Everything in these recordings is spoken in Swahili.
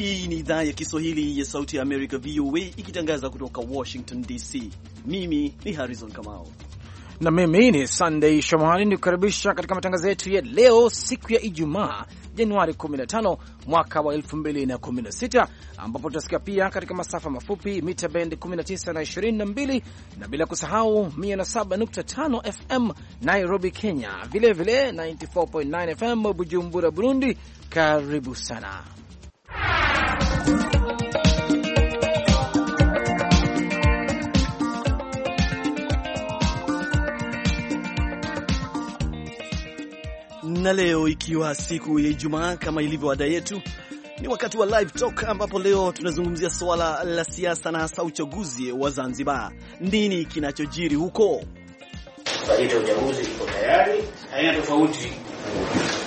Hii ni idhaa ya Kiswahili ya Sauti ya Amerika, VOA, ikitangaza kutoka Washington DC. Mimi ni Harrison Kamau na mimi ni sandei Shomari, ni kukaribisha katika matangazo yetu ya leo, siku ya Ijumaa, Januari 15 mwaka wa 2016, ambapo tutasikia pia katika masafa mafupi mita bend 19 na 22, na bila kusahau 107.5 FM Nairobi, Kenya, vilevile 94.9 FM Bujumbura, Burundi. Karibu sana. Na leo ikiwa siku ya Ijumaa, kama ilivyo ada yetu, ni wakati wa live talk, ambapo leo tunazungumzia suala la siasa na hasa uchaguzi wa Zanzibar. Nini kinachojiri huko? Bajeti ya uchaguzi iko tayari, haina tofauti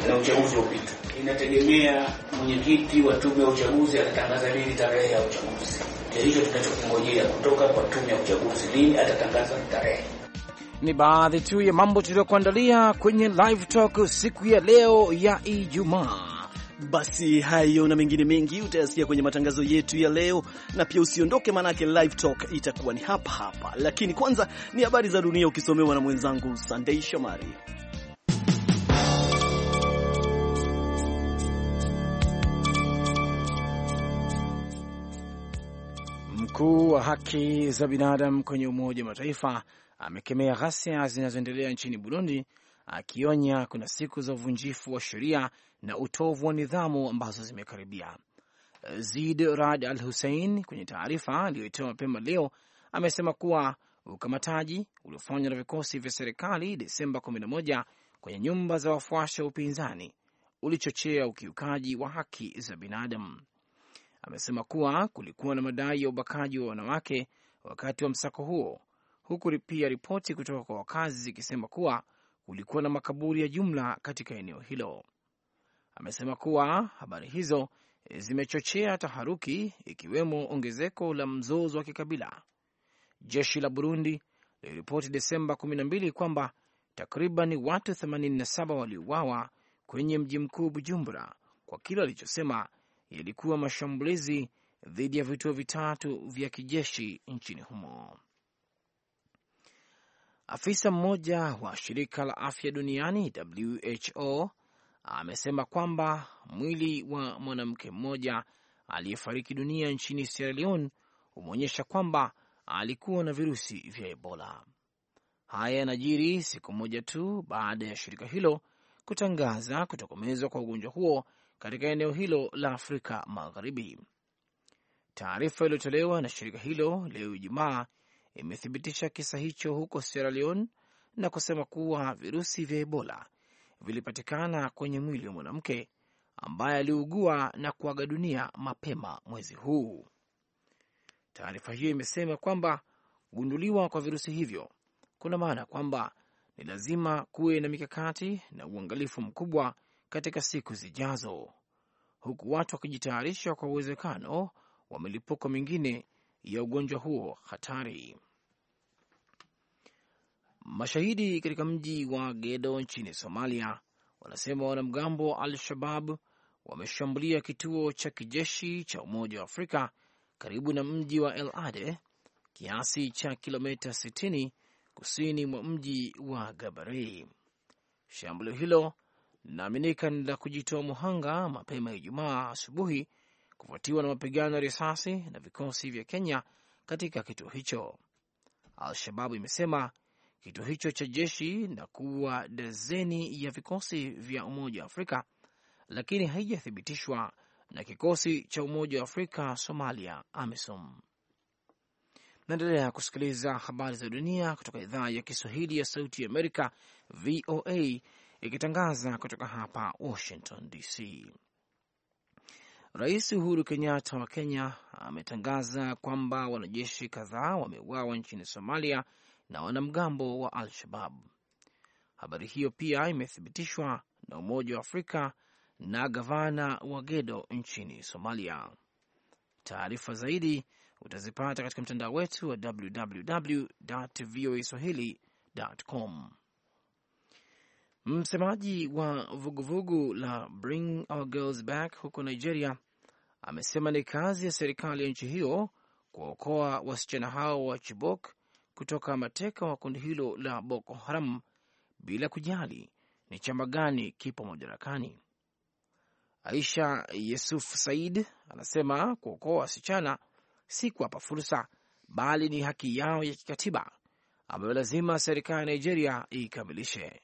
na uchaguzi uliopita inategemea mwenyekiti wa tume ya uchaguzi atatangaza lini tarehe ya uchaguzi. Ndio hicho tunachokungojea kutoka kwa tume ya uchaguzi, lini atatangaza tarehe. Ni baadhi tu ya mambo tuliyokuandalia kwenye live talk siku ya leo ya Ijumaa. Basi hayo na mengine mengi utayasikia kwenye matangazo yetu ya leo, na pia usiondoke, manake live talk itakuwa ni hapa hapa. Lakini kwanza ni habari za dunia ukisomewa na mwenzangu Sandei Shomari. mkuu wa haki za binadamu kwenye Umoja wa Mataifa amekemea ghasia zinazoendelea nchini Burundi, akionya kuna siku za uvunjifu wa sheria na utovu wa nidhamu ambazo zimekaribia. Zid Rad Al Hussein kwenye taarifa aliyoitoa mapema leo amesema kuwa ukamataji uliofanywa na vikosi vya serikali Desemba 11 kwenye nyumba za wafuasi wa upinzani ulichochea ukiukaji wa haki za binadamu amesema kuwa kulikuwa na madai ya ubakaji wa wanawake wakati wa msako huo, huku pia ripoti kutoka kwa wakazi zikisema kuwa kulikuwa na makaburi ya jumla katika eneo hilo. Amesema kuwa habari hizo zimechochea taharuki, ikiwemo ongezeko la mzozo wa kikabila. Jeshi la Burundi liliripoti Desemba 12 kwamba takriban watu 87 waliuawa kwenye mji mkuu Bujumbura kwa kile walichosema yalikuwa mashambulizi dhidi ya vituo vitatu vya kijeshi nchini humo. Afisa mmoja wa shirika la afya duniani WHO amesema kwamba mwili wa mwanamke mmoja aliyefariki dunia nchini Sierra Leone umeonyesha kwamba alikuwa na virusi vya Ebola. Haya yanajiri siku moja tu baada ya shirika hilo kutangaza kutokomezwa kwa ugonjwa huo katika eneo hilo la Afrika Magharibi. Taarifa iliyotolewa na shirika hilo leo Ijumaa imethibitisha kisa hicho huko Sierra Leone na kusema kuwa virusi vya Ebola vilipatikana kwenye mwili wa mwanamke ambaye aliugua na kuaga dunia mapema mwezi huu. Taarifa hiyo imesema kwamba kugunduliwa kwa virusi hivyo kuna maana kwamba ni lazima kuwe na mikakati na uangalifu mkubwa katika siku zijazo, huku watu wakijitayarisha kwa uwezekano wa milipuko mingine ya ugonjwa huo hatari. Mashahidi katika mji wa Gedo nchini Somalia wanasema wanamgambo wa Al-Shabab wameshambulia kituo cha kijeshi cha Umoja wa Afrika karibu na mji wa El Ade, kiasi cha kilomita 60 kusini mwa mji wa Gabarei. Shambulio hilo linaaminika ni la kujitoa muhanga mapema Ijumaa asubuhi kufuatiwa na mapigano ya risasi na vikosi vya Kenya katika kituo hicho. Al-Shababu imesema kituo hicho cha jeshi na kuwa dazeni ya vikosi vya Umoja wa Afrika, lakini haijathibitishwa na kikosi cha Umoja wa Afrika Somalia, AMISOM. Naendelea kusikiliza habari za dunia kutoka idhaa ya Kiswahili ya Sauti ya Amerika, VOA, ikitangaza kutoka hapa Washington DC. Rais Uhuru Kenyatta wa Kenya ametangaza kwamba wanajeshi kadhaa wameuawa nchini Somalia na wanamgambo wa Al-Shabab. Habari hiyo pia imethibitishwa na Umoja wa Afrika na gavana wa Gedo nchini Somalia. Taarifa zaidi utazipata katika mtandao wetu wa www voa swahili com. Msemaji wa vuguvugu la Bring Our Girls Back huko Nigeria amesema ni kazi ya serikali ya nchi hiyo kuwaokoa wasichana hao wa Chibok kutoka mateka wa kundi hilo la Boko Haram bila kujali ni chama gani kipo madarakani. Aisha Yusuf Said anasema kuokoa wasichana si kuwapa fursa, bali ni haki yao ya kikatiba ambayo lazima serikali ya Nigeria ikamilishe.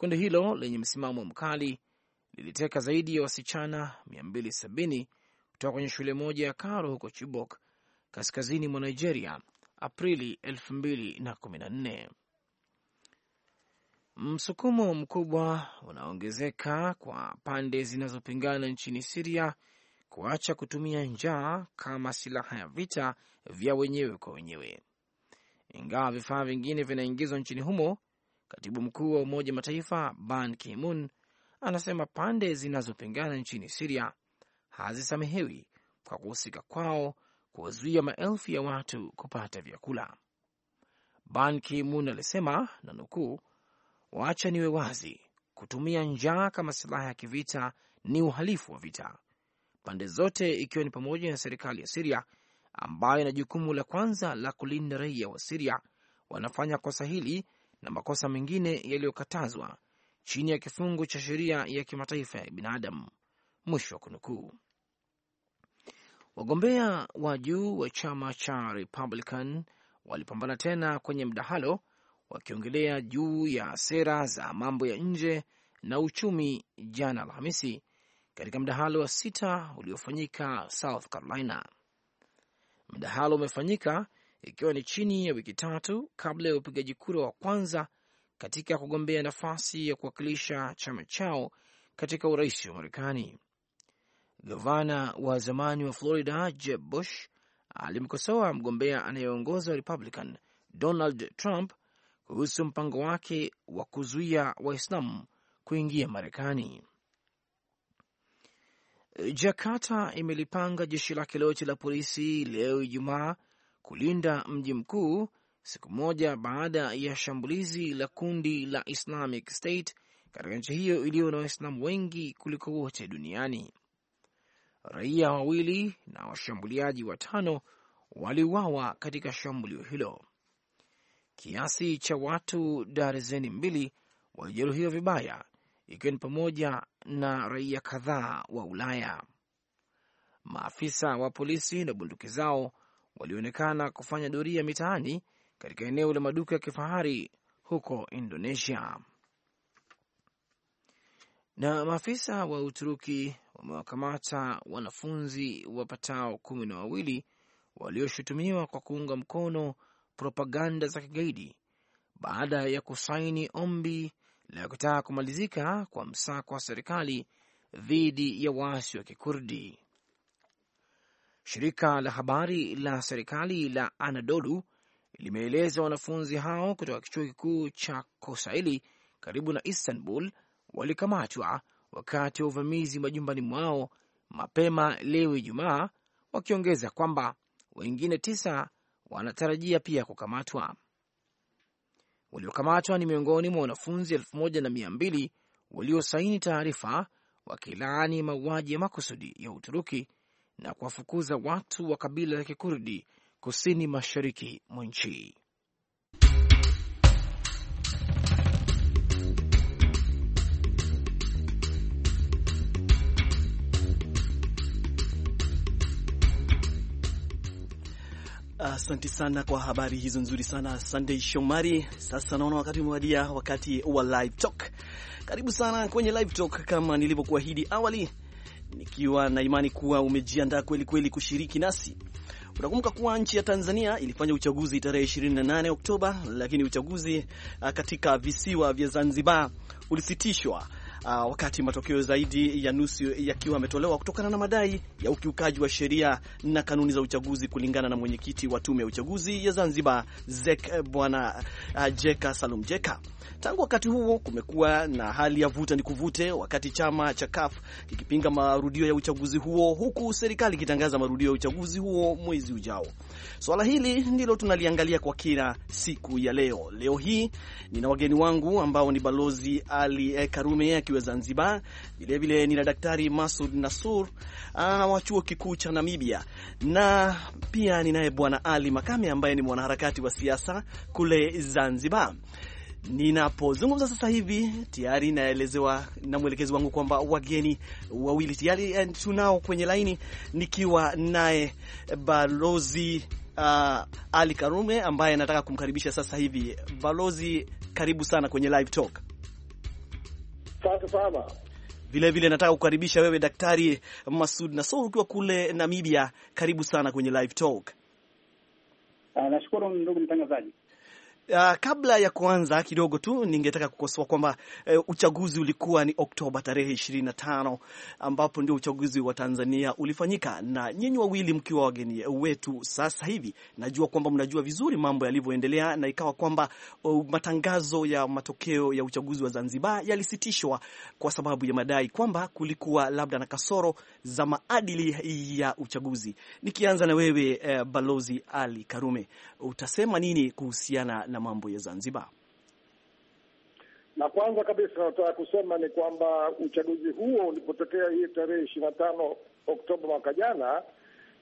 Kundi hilo lenye msimamo mkali liliteka zaidi ya wasichana 270 kutoka kwenye shule moja ya Karo huko Chibok, kaskazini mwa Nigeria Aprili 2014. Msukumo mkubwa unaongezeka kwa pande zinazopingana nchini Siria kuacha kutumia njaa kama silaha ya vita vya wenyewe kwa wenyewe, ingawa vifaa vingine vinaingizwa nchini humo Katibu mkuu wa Umoja Mataifa Ban Ki-moon anasema pande zinazopingana nchini Siria hazisamehewi kwa kuhusika kwao kuwazuia maelfu ya watu kupata vyakula. Ban Ki-moon alisema na nukuu, wacha niwe wazi, kutumia njaa kama silaha ya kivita ni uhalifu wa vita. Pande zote ikiwa ni pamoja na serikali ya Siria ambayo ina jukumu la kwanza la kulinda raia wa Siria wanafanya kosa hili na makosa mengine yaliyokatazwa chini ya kifungu cha sheria ya kimataifa ya binadamu. Mwisho wa kunukuu. Wagombea wa juu wa chama cha Republican walipambana tena kwenye mdahalo wakiongelea juu ya sera za mambo ya nje na uchumi jana Alhamisi katika mdahalo wa sita uliofanyika South Carolina. Mdahalo umefanyika ikiwa ni chini ya wiki tatu kabla ya upigaji kura wa kwanza katika kugombea nafasi ya kuwakilisha chama chao katika urais wa Marekani. Gavana wa zamani wa Florida Jeb Bush alimkosoa mgombea anayeongoza Republican Donald Trump kuhusu mpango wake wa kuzuia waislam kuingia Marekani. Jakarta imelipanga jeshi lake lote la polisi leo Ijumaa kulinda mji mkuu siku moja baada ya shambulizi la kundi la Islamic State katika nchi hiyo iliyo na Waislamu wengi kuliko wote duniani. Raia wawili na washambuliaji watano waliuawa katika shambulio hilo. Kiasi cha watu darzeni mbili walijeruhiwa vibaya, ikiwa ni pamoja na raia kadhaa wa Ulaya. Maafisa wa polisi na bunduki zao walionekana kufanya doria mitaani katika eneo la maduka ya kifahari huko Indonesia. Na maafisa wa Uturuki wamewakamata wanafunzi wapatao kumi na wawili walioshutumiwa kwa kuunga mkono propaganda za kigaidi baada ya kusaini ombi la kutaka kumalizika kwa msako wa serikali dhidi ya waasi wa Kikurdi. Shirika la habari la serikali la Anadolu limeeleza wanafunzi hao kutoka kichuo kikuu cha Kosaili karibu na Istanbul walikamatwa wakati wa uvamizi majumbani mwao mapema leo Ijumaa, wakiongeza kwamba wengine tisa wanatarajia pia kukamatwa. Waliokamatwa ni miongoni mwa wanafunzi elfu moja na mia mbili waliosaini taarifa wakilaani mauaji ya makusudi ya Uturuki na kuwafukuza watu wa kabila la Kikurdi kusini mashariki mwa nchi. Asante sana kwa habari hizo nzuri sana Sunday Shomari. Sasa naona wakati umewadia, wakati wa live talk. Karibu sana kwenye live talk. Kama nilivyokuahidi awali nikiwa na imani kuwa umejiandaa kweli kweli kushiriki nasi. Unakumbuka kuwa nchi ya Tanzania ilifanya uchaguzi tarehe 28 Oktoba, lakini uchaguzi ah, katika visiwa vya Zanzibar ulisitishwa uh, wakati matokeo zaidi ya nusu yakiwa yametolewa kutokana na madai ya ukiukaji wa sheria na kanuni za uchaguzi, kulingana na mwenyekiti wa tume ya uchaguzi ya Zanzibar ZEK eh, Bwana uh, Jeka Salum Jeka. Tangu wakati huo kumekuwa na hali ya vuta ni kuvute, wakati chama cha KAF kikipinga marudio ya uchaguzi huo, huku serikali ikitangaza marudio ya uchaguzi huo mwezi ujao. Swala hili ndilo tunaliangalia kwa kina siku ya leo. Leo hii nina wageni wangu ambao ni Balozi Ali e Karume akiwa Zanzibar, vilevile nina Daktari Masud Nasur ah, wa chuo kikuu cha Namibia, na pia ninaye Bwana Ali Makame ambaye ni mwanaharakati wa siasa kule Zanzibar. Ninapozungumza sasa hivi tayari naelezewa na mwelekezi wangu kwamba wageni wawili tayari eh, tunao kwenye laini, nikiwa naye balozi uh, Ali Karume ambaye nataka kumkaribisha sasa hivi. Balozi, karibu sana kwenye live talk. Asante sana. Vile nataka kukaribisha wewe Daktari Masud Nasor ukiwa kule Namibia, karibu sana kwenye live talk. Ah, nashukuru ndugu mtangazaji. Uh, kabla ya kuanza kidogo tu ningetaka kukosoa kwamba uh, uchaguzi ulikuwa ni Oktoba tarehe 25 ambapo ndio uchaguzi wa Tanzania ulifanyika, na nyinyi wawili mkiwa wageni wetu sasa hivi, najua kwamba mnajua vizuri mambo yalivyoendelea, na ikawa kwamba uh, matangazo ya matokeo ya uchaguzi wa Zanzibar yalisitishwa kwa sababu ya madai kwamba kulikuwa labda na kasoro za maadili ya uchaguzi. Nikianza na wewe uh, Balozi Ali Karume, utasema nini kuhusiana na na mambo ya Zanzibar? Na kwanza kabisa nataka kusema ni kwamba uchaguzi huo ulipotokea hii tarehe ishirini na tano Oktoba mwaka jana,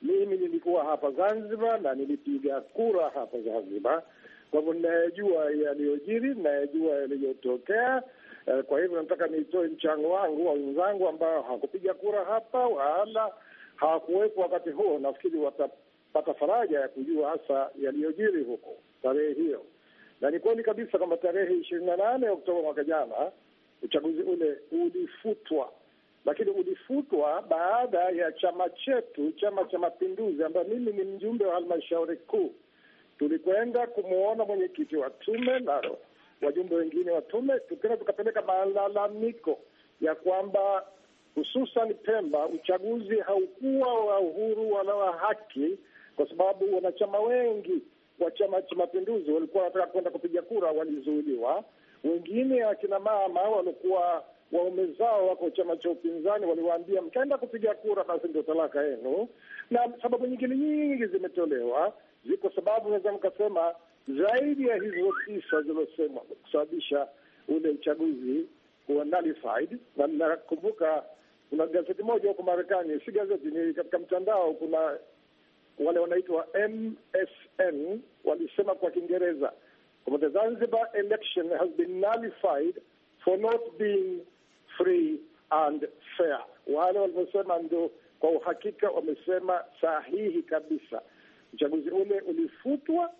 mimi nilikuwa hapa Zanzibar na nilipiga kura hapa Zanzibar. Kwa hivyo ninayajua yaliyojiri, ninayajua yaliyotokea. Eh, kwa hivyo nataka nitoe mchango wangu wa wenzangu ambao hawakupiga kura hapa wala hawakuwepo wakati huo. Nafikiri watapata faraja ya kujua hasa yaliyojiri huko tarehe hiyo na ni kweli kabisa kwamba tarehe ishirini na nane Oktoba mwaka jana uchaguzi ule ulifutwa, lakini ulifutwa baada ya chama chetu, Chama cha Mapinduzi, ambayo mimi ni mjumbe wa halmashauri kuu, tulikwenda kumwona mwenyekiti wa tume na wajumbe wengine wa tume, tukenda tukapeleka malalamiko ya kwamba hususan Pemba uchaguzi haukuwa wa uhuru wala wa haki, kwa sababu wanachama wengi wa Chama cha Mapinduzi walikuwa wanataka kwenda kupiga kura walizuiliwa. Wengine akina mama walikuwa waume zao wako chama cha upinzani waliwaambia mkaenda kupiga kura, basi ndio talaka yenu. Na sababu nyingine nyingi zimetolewa. Ziko sababu naweza mkasema zaidi ya hizo tisa zilizosemwa kusababisha ule uchaguzi kuwa nullified. Na nakumbuka kuna gazeti moja huko Marekani, si gazeti, ni katika mtandao, kuna wale wanaitwa MSN walisema kwa Kiingereza the Zanzibar election has been nullified for not being free and fair. Wale walivyosema ndo kwa uhakika wamesema sahihi kabisa. Uchaguzi ule ulifutwa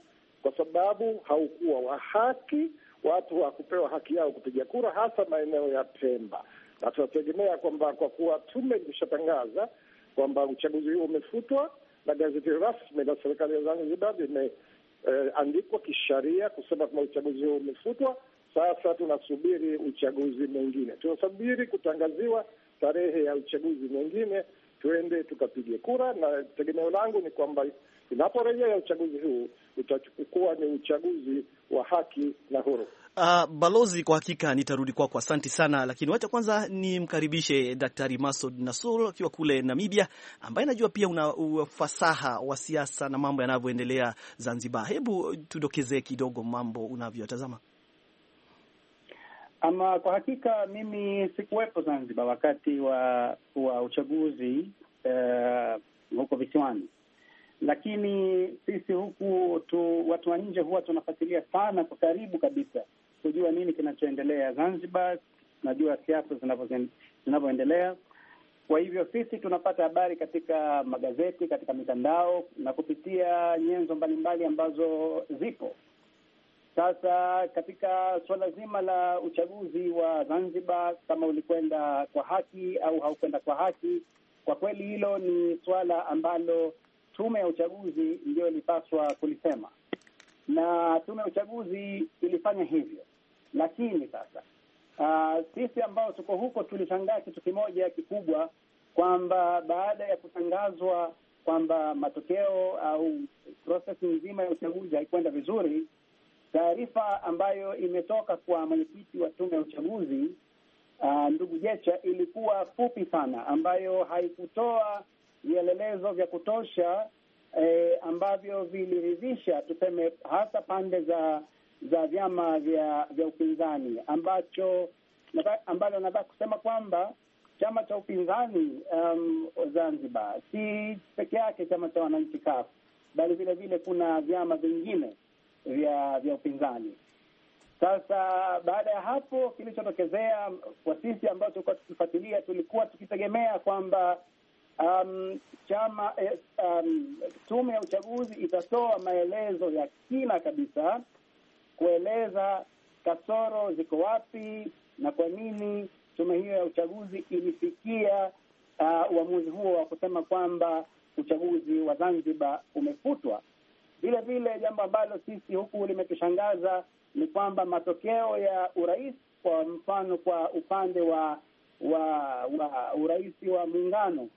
kwa sababu haukuwa wa haki, watu hawakupewa haki yao kupiga kura, hasa maeneo ya Pemba, na tunategemea kwamba kwa kuwa tume ilishatangaza kwamba uchaguzi huo umefutwa na gazeti rasmi la serikali ya Zanzibar limeandikwa eh, kisheria kusema kwamba uchaguzi huo umefutwa. Sasa tunasubiri uchaguzi mwingine, tunasubiri kutangaziwa tarehe ya uchaguzi mwingine, tuende tukapige kura, na tegemeo langu ni kwamba Tunaporejea uchaguzi huu utakuwa ni uchaguzi wa haki na huru. Uh, balozi, kwa hakika nitarudi kwako, asanti sana, lakini wacha kwanza nimkaribishe Daktari Masud Nasur akiwa kule Namibia, ambaye najua pia una ufasaha wa siasa na mambo yanavyoendelea Zanzibar. Hebu tudokezee kidogo mambo unavyotazama. Ama kwa hakika mimi sikuwepo Zanzibar wakati wa wa uchaguzi uh, huko visiwani lakini sisi huku tu, watu wa nje huwa tunafuatilia sana kwa karibu kabisa kujua nini kinachoendelea Zanzibar, tunajua siasa zinavyoendelea. Kwa hivyo sisi tunapata habari katika magazeti, katika mitandao na kupitia nyenzo mbalimbali ambazo zipo sasa. Katika suala zima la uchaguzi wa Zanzibar, kama ulikwenda kwa haki au haukwenda kwa haki, kwa kweli hilo ni suala ambalo tume ya uchaguzi ndiyo ilipaswa kulisema, na tume ya uchaguzi ilifanya hivyo. Lakini sasa uh, sisi ambao tuko huko tulishangaa kitu kimoja kikubwa, kwamba baada ya kutangazwa kwamba matokeo au prosesi nzima ya uchaguzi haikwenda vizuri, taarifa ambayo imetoka kwa mwenyekiti wa tume ya uchaguzi uh, ndugu Jecha ilikuwa fupi sana, ambayo haikutoa vielelezo vya kutosha eh, ambavyo viliridhisha tuseme, hasa pande za za vyama vya vya upinzani ambacho ambalo nataka kusema kwamba chama cha upinzani um, Zanzibar si peke yake chama cha wananchi kafu bali vile vile kuna vyama vingine vya vya upinzani. Sasa baada ya hapo, kilichotokezea kwa sisi ambao tulikuwa tukifuatilia, tulikuwa tukitegemea kwamba um, chama eh, um, tume ya uchaguzi itatoa maelezo ya kina kabisa kueleza kasoro ziko wapi na kwa nini tume hiyo ya uchaguzi ilifikia uh, uamuzi huo wa kusema kwamba uchaguzi wa Zanzibar umefutwa. Vile vile jambo ambalo sisi huku limetushangaza ni kwamba matokeo ya urais kwa mfano, kwa upande wa wa, wa urais wa muungano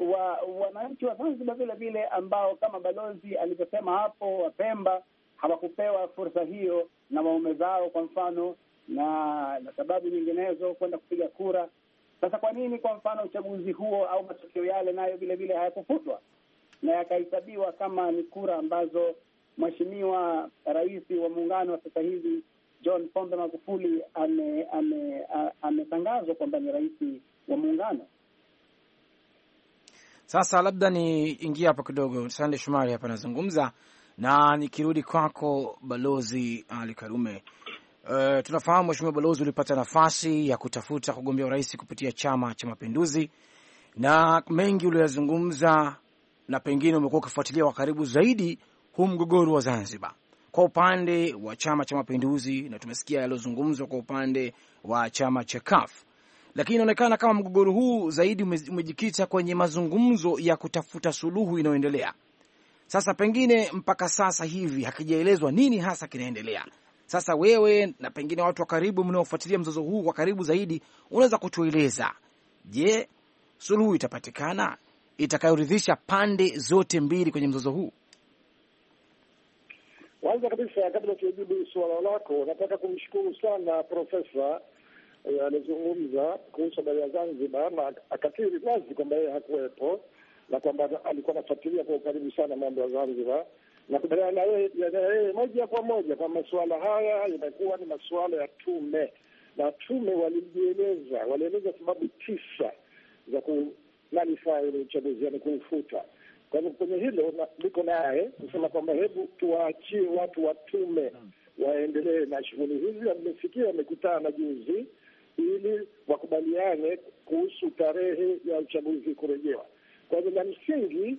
wa wananchi wa Zanzibar vile vile ambao kama balozi alivyosema hapo, Wapemba hawakupewa fursa hiyo na waume zao, kwa mfano na, na sababu nyinginezo kwenda kupiga kura. Sasa kwa nini kwa mfano uchaguzi huo au matokeo yale nayo vile vile hayakufutwa na yakahesabiwa kama ni kura ambazo Mheshimiwa Rais wa Muungano wa sasa hivi John Pombe Magufuli ametangazwa ame, ame kwamba ni rais wa muungano. Sasa labda niingie hapa kidogo, Sande Shumari hapa anazungumza, na nikirudi kwako Balozi Ali Karume. Uh, tunafahamu Mheshimiwa Balozi, ulipata nafasi ya kutafuta kugombea urais kupitia Chama cha Mapinduzi, na mengi uliyozungumza, na pengine umekuwa ukifuatilia kwa karibu zaidi huu mgogoro wa Zanzibar kwa upande wa Chama cha Mapinduzi, na tumesikia yaliyozungumzwa kwa upande wa chama cha CUF. Lakini inaonekana kama mgogoro huu zaidi umejikita kwenye mazungumzo ya kutafuta suluhu inayoendelea sasa. Pengine mpaka sasa hivi hakijaelezwa nini hasa kinaendelea. Sasa wewe na pengine watu wa karibu mnaofuatilia mzozo huu kwa karibu zaidi, unaweza kutueleza, je, suluhu itapatikana itakayoridhisha pande zote mbili kwenye mzozo huu? Kwanza kabisa, kabla sijajibu suala lako, nataka kumshukuru sana Profesa Eh, alizungumza kuhusu habari ya Zanzibar na akakiri wazi kwamba yeye hakuwepo na kwamba alikuwa anafuatilia kwa ukaribu sana mambo ya Zanzibar na kubaliana na yeye moja kwa moja kwa masuala haya yamekuwa ni masuala ya tume, na tume walijieleza, walieleza sababu tisa za kunalifaa ile uchaguzi, yani kuufuta. Kwa hivyo kwenye hilo niko naye kusema kwamba hebu tuwaachie watu wa tume hmm. waendelee na shughuli hizi. Amesikia amekutana juzi ili wakubaliane kuhusu tarehe ya uchaguzi kurejewa. Kwa hivyo la msingi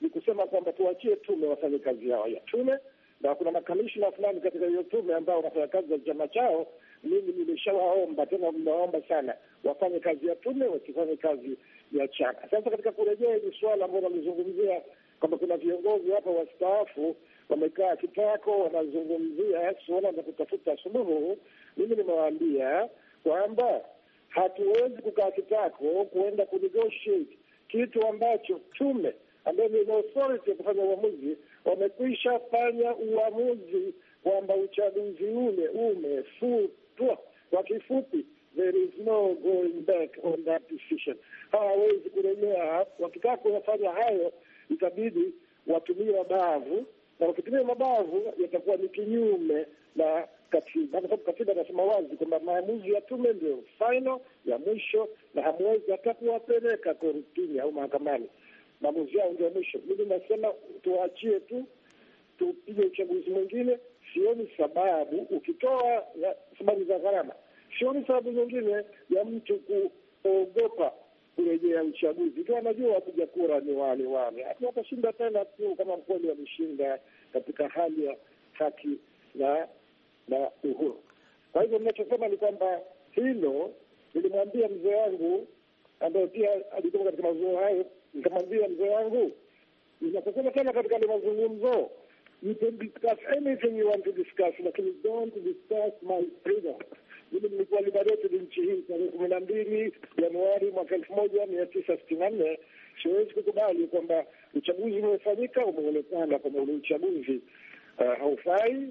ni kusema kwamba tuwachie tume wafanye kazi yao ya tume, na kuna makamishina fulani katika hiyo tume ambao wanafanya kazi za chama chao. Mimi nimeshawaomba tena, mnawaomba sana wafanye kazi ya tume, wasifanye kazi ya chama. Sasa katika kurejea hili swala ambao nalizungumzia kwamba kuna viongozi hapa wastaafu wamekaa kitako wanazungumzia suala la kutafuta suluhu, mimi nimewaambia kwamba hatuwezi kukaa kitako kuenda kunegotiate kitu ambacho tume ambayo ni authority ya kufanya uamuzi wamekwisha fanya uamuzi kwamba uchaguzi ule umefutwa. Kwa kifupi, there is no going back on that decision. Hawawezi kurejea. Wakitaka kuyafanya hayo, itabidi watumie mabavu na ukitumia mabavu yatakuwa ni kinyume na katiba, kwa sababu katiba inasema wazi kwamba maamuzi ya tume ndio final ya mwisho, na hamwezi hata kuwapeleka kortini au mahakamani. Maamuzi yao ndio mwisho. Mimi nasema tuwaachie tu, tupige uchaguzi mwingine. Sioni sababu, ukitoa sababu za gharama, sioni sababu nyingine ya mtu kuogopa kurejea uchaguzi tu. Anajua wapiga kura ni wale wale, hati watashinda tena tu, kama mkweli wameshinda katika hali ya haki na na uhuru. Kwa hivyo ninachosema ni kwamba hilo nilimwambia mzee wangu ambaye pia alitoka katika mazungumzo hayo, nikamwambia mzee wangu, inaposema tena katika ale mazungumzo you can discuss anything you want to discuss, lakini don't discuss my freedom. Hili lilikuwa letu ni nchi hii tarehe kumi na mbili Januari mwaka elfu moja mia tisa sitini na nne. Siwezi kukubali kwamba uchaguzi umefanyika, umeonekana kwamba ule uchaguzi uh, haufai,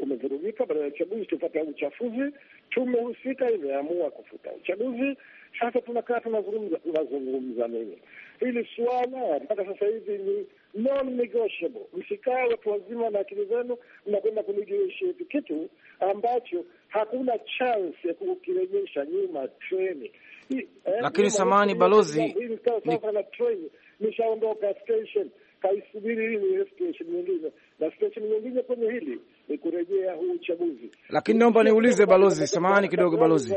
umevurugika. Baada ya uchaguzi tupata uchafuzi. Tume husika imeamua kufuta uchaguzi sasa tunakaa tunazungumza, tunazungumza nini? Hili swala mpaka sasa hivi ni non negotiable. Msikaa watu wazima na akili zenu, mnakwenda kunegotiate kitu ambacho hakuna chance ya kukirejesha nyuma treni. Eh, Lakini samani balozi, nishaondoka station kaisubiri hili station nyingine na station nyingine kwenye hili ni kurejea huu uchaguzi. Lakini naomba niulize balozi, samani kidogo balozi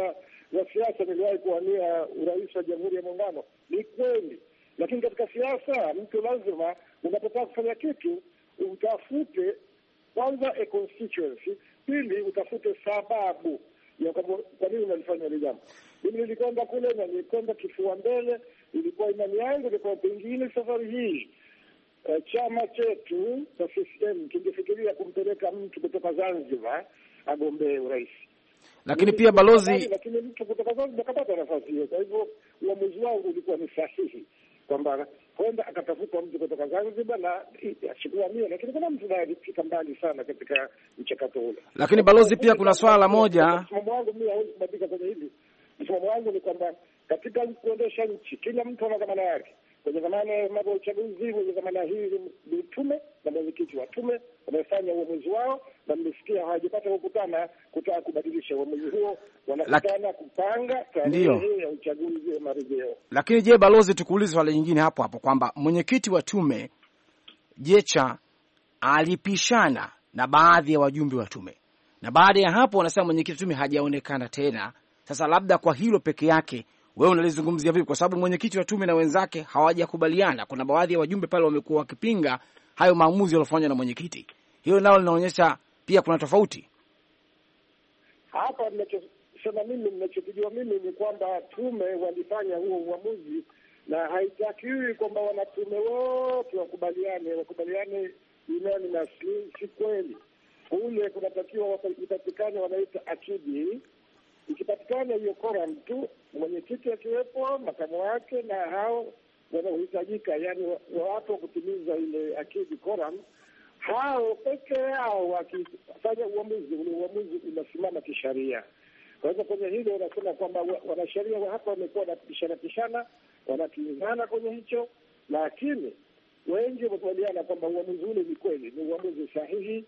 wa siasa niliwahi kuwania urais wa Jamhuri ya Muungano. Ni kweli, lakini katika siasa mtu lazima, unapotaka kufanya kitu utafute kwanza a constituency, pili utafute sababu ya kwa nini unalifanya ile jambo. Mimi nilikwenda kule na nilikwenda kifua mbele, ilikuwa imani yangu ilikuwa pengine safari hii e, chama chetu cha CCM kingefikiria kumpeleka mtu kutoka Zanzibar agombee urais lakini pia balozi, lakini mtu kutoka Zanzibar akapata nafasi hiyo. Kwa hivyo uamuzi wangu ulikuwa ni sahihi kwamba kwenda akatafuta mtu kutoka Zanzibar na achukua mia, lakini kuna mtu naye alifika mbali sana katika mchakato ule. Lakini balozi, pia kuna swala moja, msimamo wangu mimi hauwezi kubadilika kwenye hili. Msimamo wangu ni kwamba katika kuendesha nchi, kila mtu ana dhamana yake kwenye dhamana mambo ya uchaguzi, kwenye dhamana hii ni tume na mwenyekiti wa tume wamefanya uamuzi wao, na mmesikia hawajapata kukutana kutaka kubadilisha uamuzi huo, wanakutana kupanga tarehe ya uchaguzi wa marejeo. Lakini je, balozi, tukuulize swali nyingine hapo hapo kwamba mwenyekiti wa tume Jecha alipishana na baadhi ya wajumbe wa tume, na baada ya hapo wanasema mwenyekiti wa tume hajaonekana tena. Sasa labda kwa hilo peke yake wewe unalizungumzia vipi? Kwa sababu mwenyekiti wa tume na wenzake hawajakubaliana. Kuna baadhi ya wajumbe pale wamekuwa wakipinga hayo maamuzi yaliyofanywa na mwenyekiti. Hiyo nalo linaonyesha pia kuna tofauti hapa. Ninachosema mimi, ninachokijua mimi ni kwamba tume walifanya huo uamuzi, na haitakiwi kwamba wanatume wote wakubaliane, wakubaliane imani na si kweli. Kule kunatakiwa wapatikane wanaita akidi Ikipatikana hiyo koram tu, mwenyekiti akiwepo, makamu wake na hao wanaohitajika, yani wawapo kutimiza ile akidi koram, hao peke yao wakifanya uamuzi, ule uamuzi unasimama kisheria. Kwa hivyo kwenye hilo unasema kwamba wanasheria wa hapa wamekuwa wanapishana pishana, wanakinzana kwenye hicho, lakini wengi wamekubaliana kwamba uamuzi ule ni kweli, ni uamuzi sahihi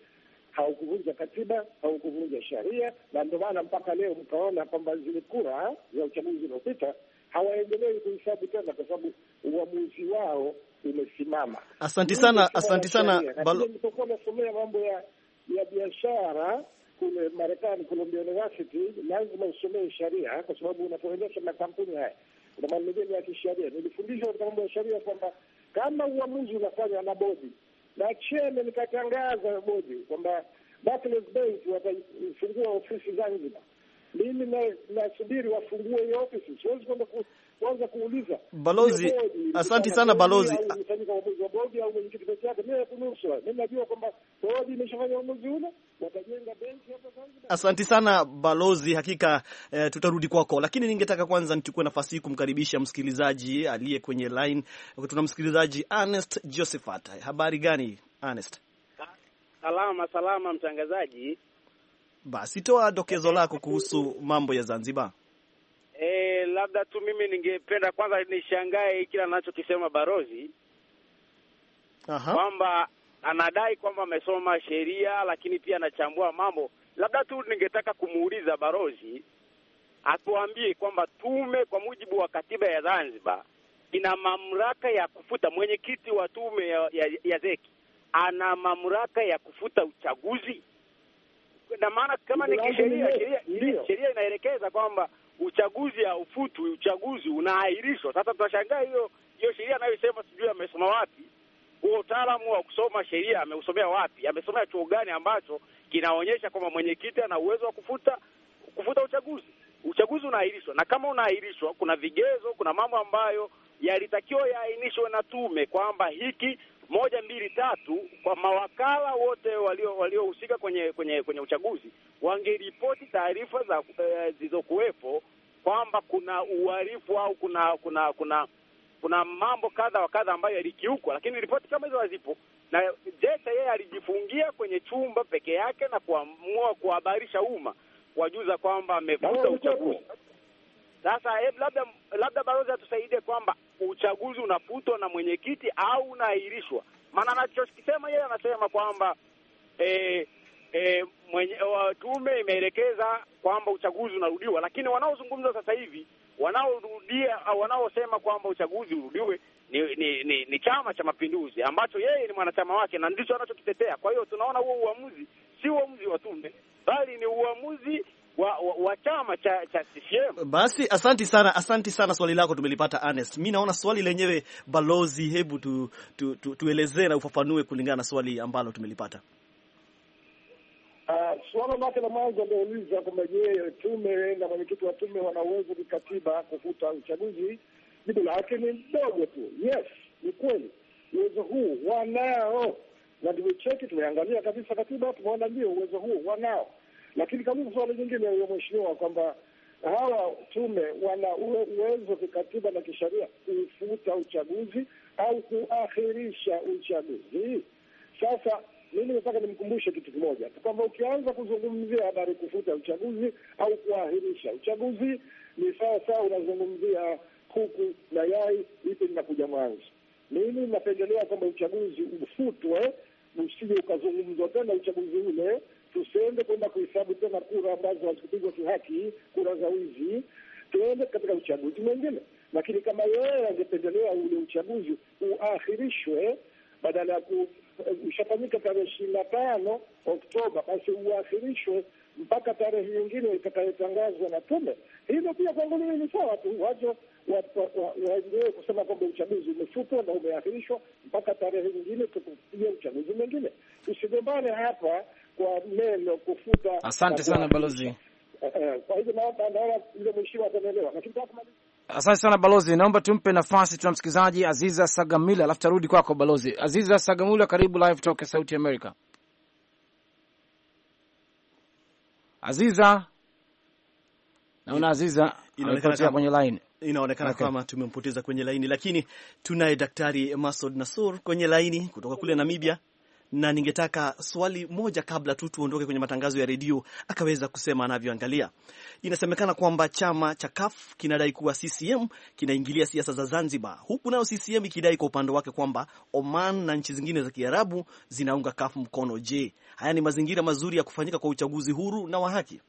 haukuvunja katiba, haukuvunja sheria, na ndio maana mpaka leo mkaona kwamba zile kura za uchaguzi uliopita hawaendelei kuhesabu tena, kwa sababu uamuzi wao umesimama. Asanti sana, asanti sana. Nilipokuwa nasomea mambo ya ya biashara kule Marekani, Columbia University, lazima usomee sheria kwa sababu unapoendesha makampuni haya na maneno ya kisheria. Nilifundishwa katika mambo ya sheria kwamba kama uamuzi unafanywa na bodi na cheme nikatangaza bodi kwamba Barclays Bank watafungua ofisi Zanzibar. Mimi nasubiri wafungue hiyo ofisi, siwezi kwenda kuanza kuuliza balozi. Asante sana balozi. Asanti sana balozi, hakika e, tutarudi kwako, lakini ningetaka kwanza nichukue nafasi hii kumkaribisha msikilizaji aliye kwenye line. Tuna msikilizaji Ernest Josephat. Habari gani Ernest? Salama salama, mtangazaji. Basi toa dokezo lako kuhusu mambo ya Zanzibar. E, labda tu mimi ningependa kwanza nishangae kila anachokisema Barozi kwamba anadai kwamba amesoma sheria lakini pia anachambua mambo. Labda tu ningetaka kumuuliza Barozi atuambie kwamba tume kwa mujibu wa katiba ya Zanzibar ina mamlaka ya kufuta. Mwenyekiti wa tume ya, ya, ya ZEKI ana mamlaka ya kufuta uchaguzi, na maana kama ni kisheria, sheria inaelekeza kwamba uchaguzi haufutwi, uchaguzi unaahirishwa. Sasa tunashangaa hiyo hiyo sheria anayosema sijui amesoma wapi, huo utaalamu wa kusoma sheria ameusomea wapi? Amesomea chuo gani ambacho kinaonyesha kwamba mwenyekiti ana uwezo wa kufuta kufuta uchaguzi? Uchaguzi unaahirishwa, na kama unaahirishwa, kuna vigezo, kuna mambo ambayo yalitakiwa yaainishwe na tume kwamba hiki moja mbili tatu, kwa mawakala wote waliohusika walio kwenye kwenye kwenye uchaguzi wangeripoti taarifa za eh, zilizokuwepo kwamba kuna uhalifu au kuna kuna kuna kuna mambo kadha wa kadha ambayo yalikiukwa, lakini ripoti kama hizo hazipo. Na Jecha yeye alijifungia kwenye chumba peke yake na kuamua kuhabarisha umma wajuza kwamba amevuta uchaguzi. Sasa eh, labda labda balozi atusaidie kwamba uchaguzi unafutwa na mwenyekiti au unaahirishwa. Maana anachokisema yeye anasema kwamba e, e, mwenye eh, tume imeelekeza kwamba uchaguzi unarudiwa, lakini wanaozungumza sasa hivi wanaorudia au wanaosema kwamba uchaguzi urudiwe ni, ni, ni, ni Chama cha Mapinduzi ambacho yeye ni mwanachama wake na ndicho anachokitetea. Kwa hiyo tunaona huo uamuzi si uamuzi wa tume, bali ni uamuzi wa, wa, wa chama cha, cha CCM. Basi asanti sana, asanti sana, swali lako tumelipata Ernest. Mimi naona swali lenyewe balozi, hebu tu, tu, tu, tuelezee na ufafanue kulingana na swali ambalo tumelipata. Uh, ah, suala lake la mwanzo aliouliza kwamba je, tume na mwenyekiti wa tume wana uwezo kikatiba kufuta uchaguzi, jibu lake ni mdogo tu. Yes, ni kweli uwezo huu wanao, na tulicheki, tumeangalia kabisa katiba, tumeona ndio uwezo huu wanao lakini kama suala nyingine hiyo, mheshimiwa, kwamba hawa tume wana uwezo kikatiba na kisheria kufuta uchaguzi au kuahirisha uchaguzi. Sasa mimi nataka nimkumbushe kitu kimoja kwamba ukianza kuzungumzia habari kufuta uchaguzi au kuahirisha uchaguzi ni sawa unazungumzia kuku na yai, ipi linakuja mwanzo? Mimi napendelea kwamba uchaguzi ufutwe, usije ukazungumzwa tena uchaguzi ule tuende kwenda kuhesabu tena kura ambazo hazikupigwa kihaki, kura za wizi, tuende katika uchaguzi mwengine. Lakini kama yeye angependelea ule uchaguzi uahirishwe badala ya eh, ushafanyika tarehe ishirini na tano Oktoba, basi uahirishwe mpaka tarehe nyingine itakayotangazwa na tume. Hilo pia kwangu mimi ni sawa tu, wajo waendelee kusema kwamba uchaguzi umefutwa na umeahirishwa mpaka tarehe nyingine, tukupiga uchaguzi mwingine. Tusigombane hapa kwa neno kufuta. Asante sana balozi. Eh, eh, kwa hivyo naomba naona ile mheshimiwa atanielewa, lakini kwa kumaliza Asante sana balozi, naomba tumpe nafasi tuna msikilizaji Aziza Sagamila, alafu tarudi kwako balozi Aziza Sagamila. Karibu live toke Sauti America. Aziza, naona Aziza inaonekana kwenye line inaonekana okay, kama tumempoteza kwenye laini, lakini tunaye Daktari Masoud Nasur kwenye laini kutoka kule Namibia na ningetaka swali moja kabla tu tuondoke kwenye matangazo ya redio, akaweza kusema anavyoangalia. Inasemekana kwamba chama cha CUF kinadai kuwa CCM kinaingilia siasa za Zanzibar, huku nayo CCM ikidai kwa upande wake kwamba Oman na nchi zingine za Kiarabu zinaunga CUF mkono. Je, haya ni mazingira mazuri ya kufanyika kwa uchaguzi huru na wa haki?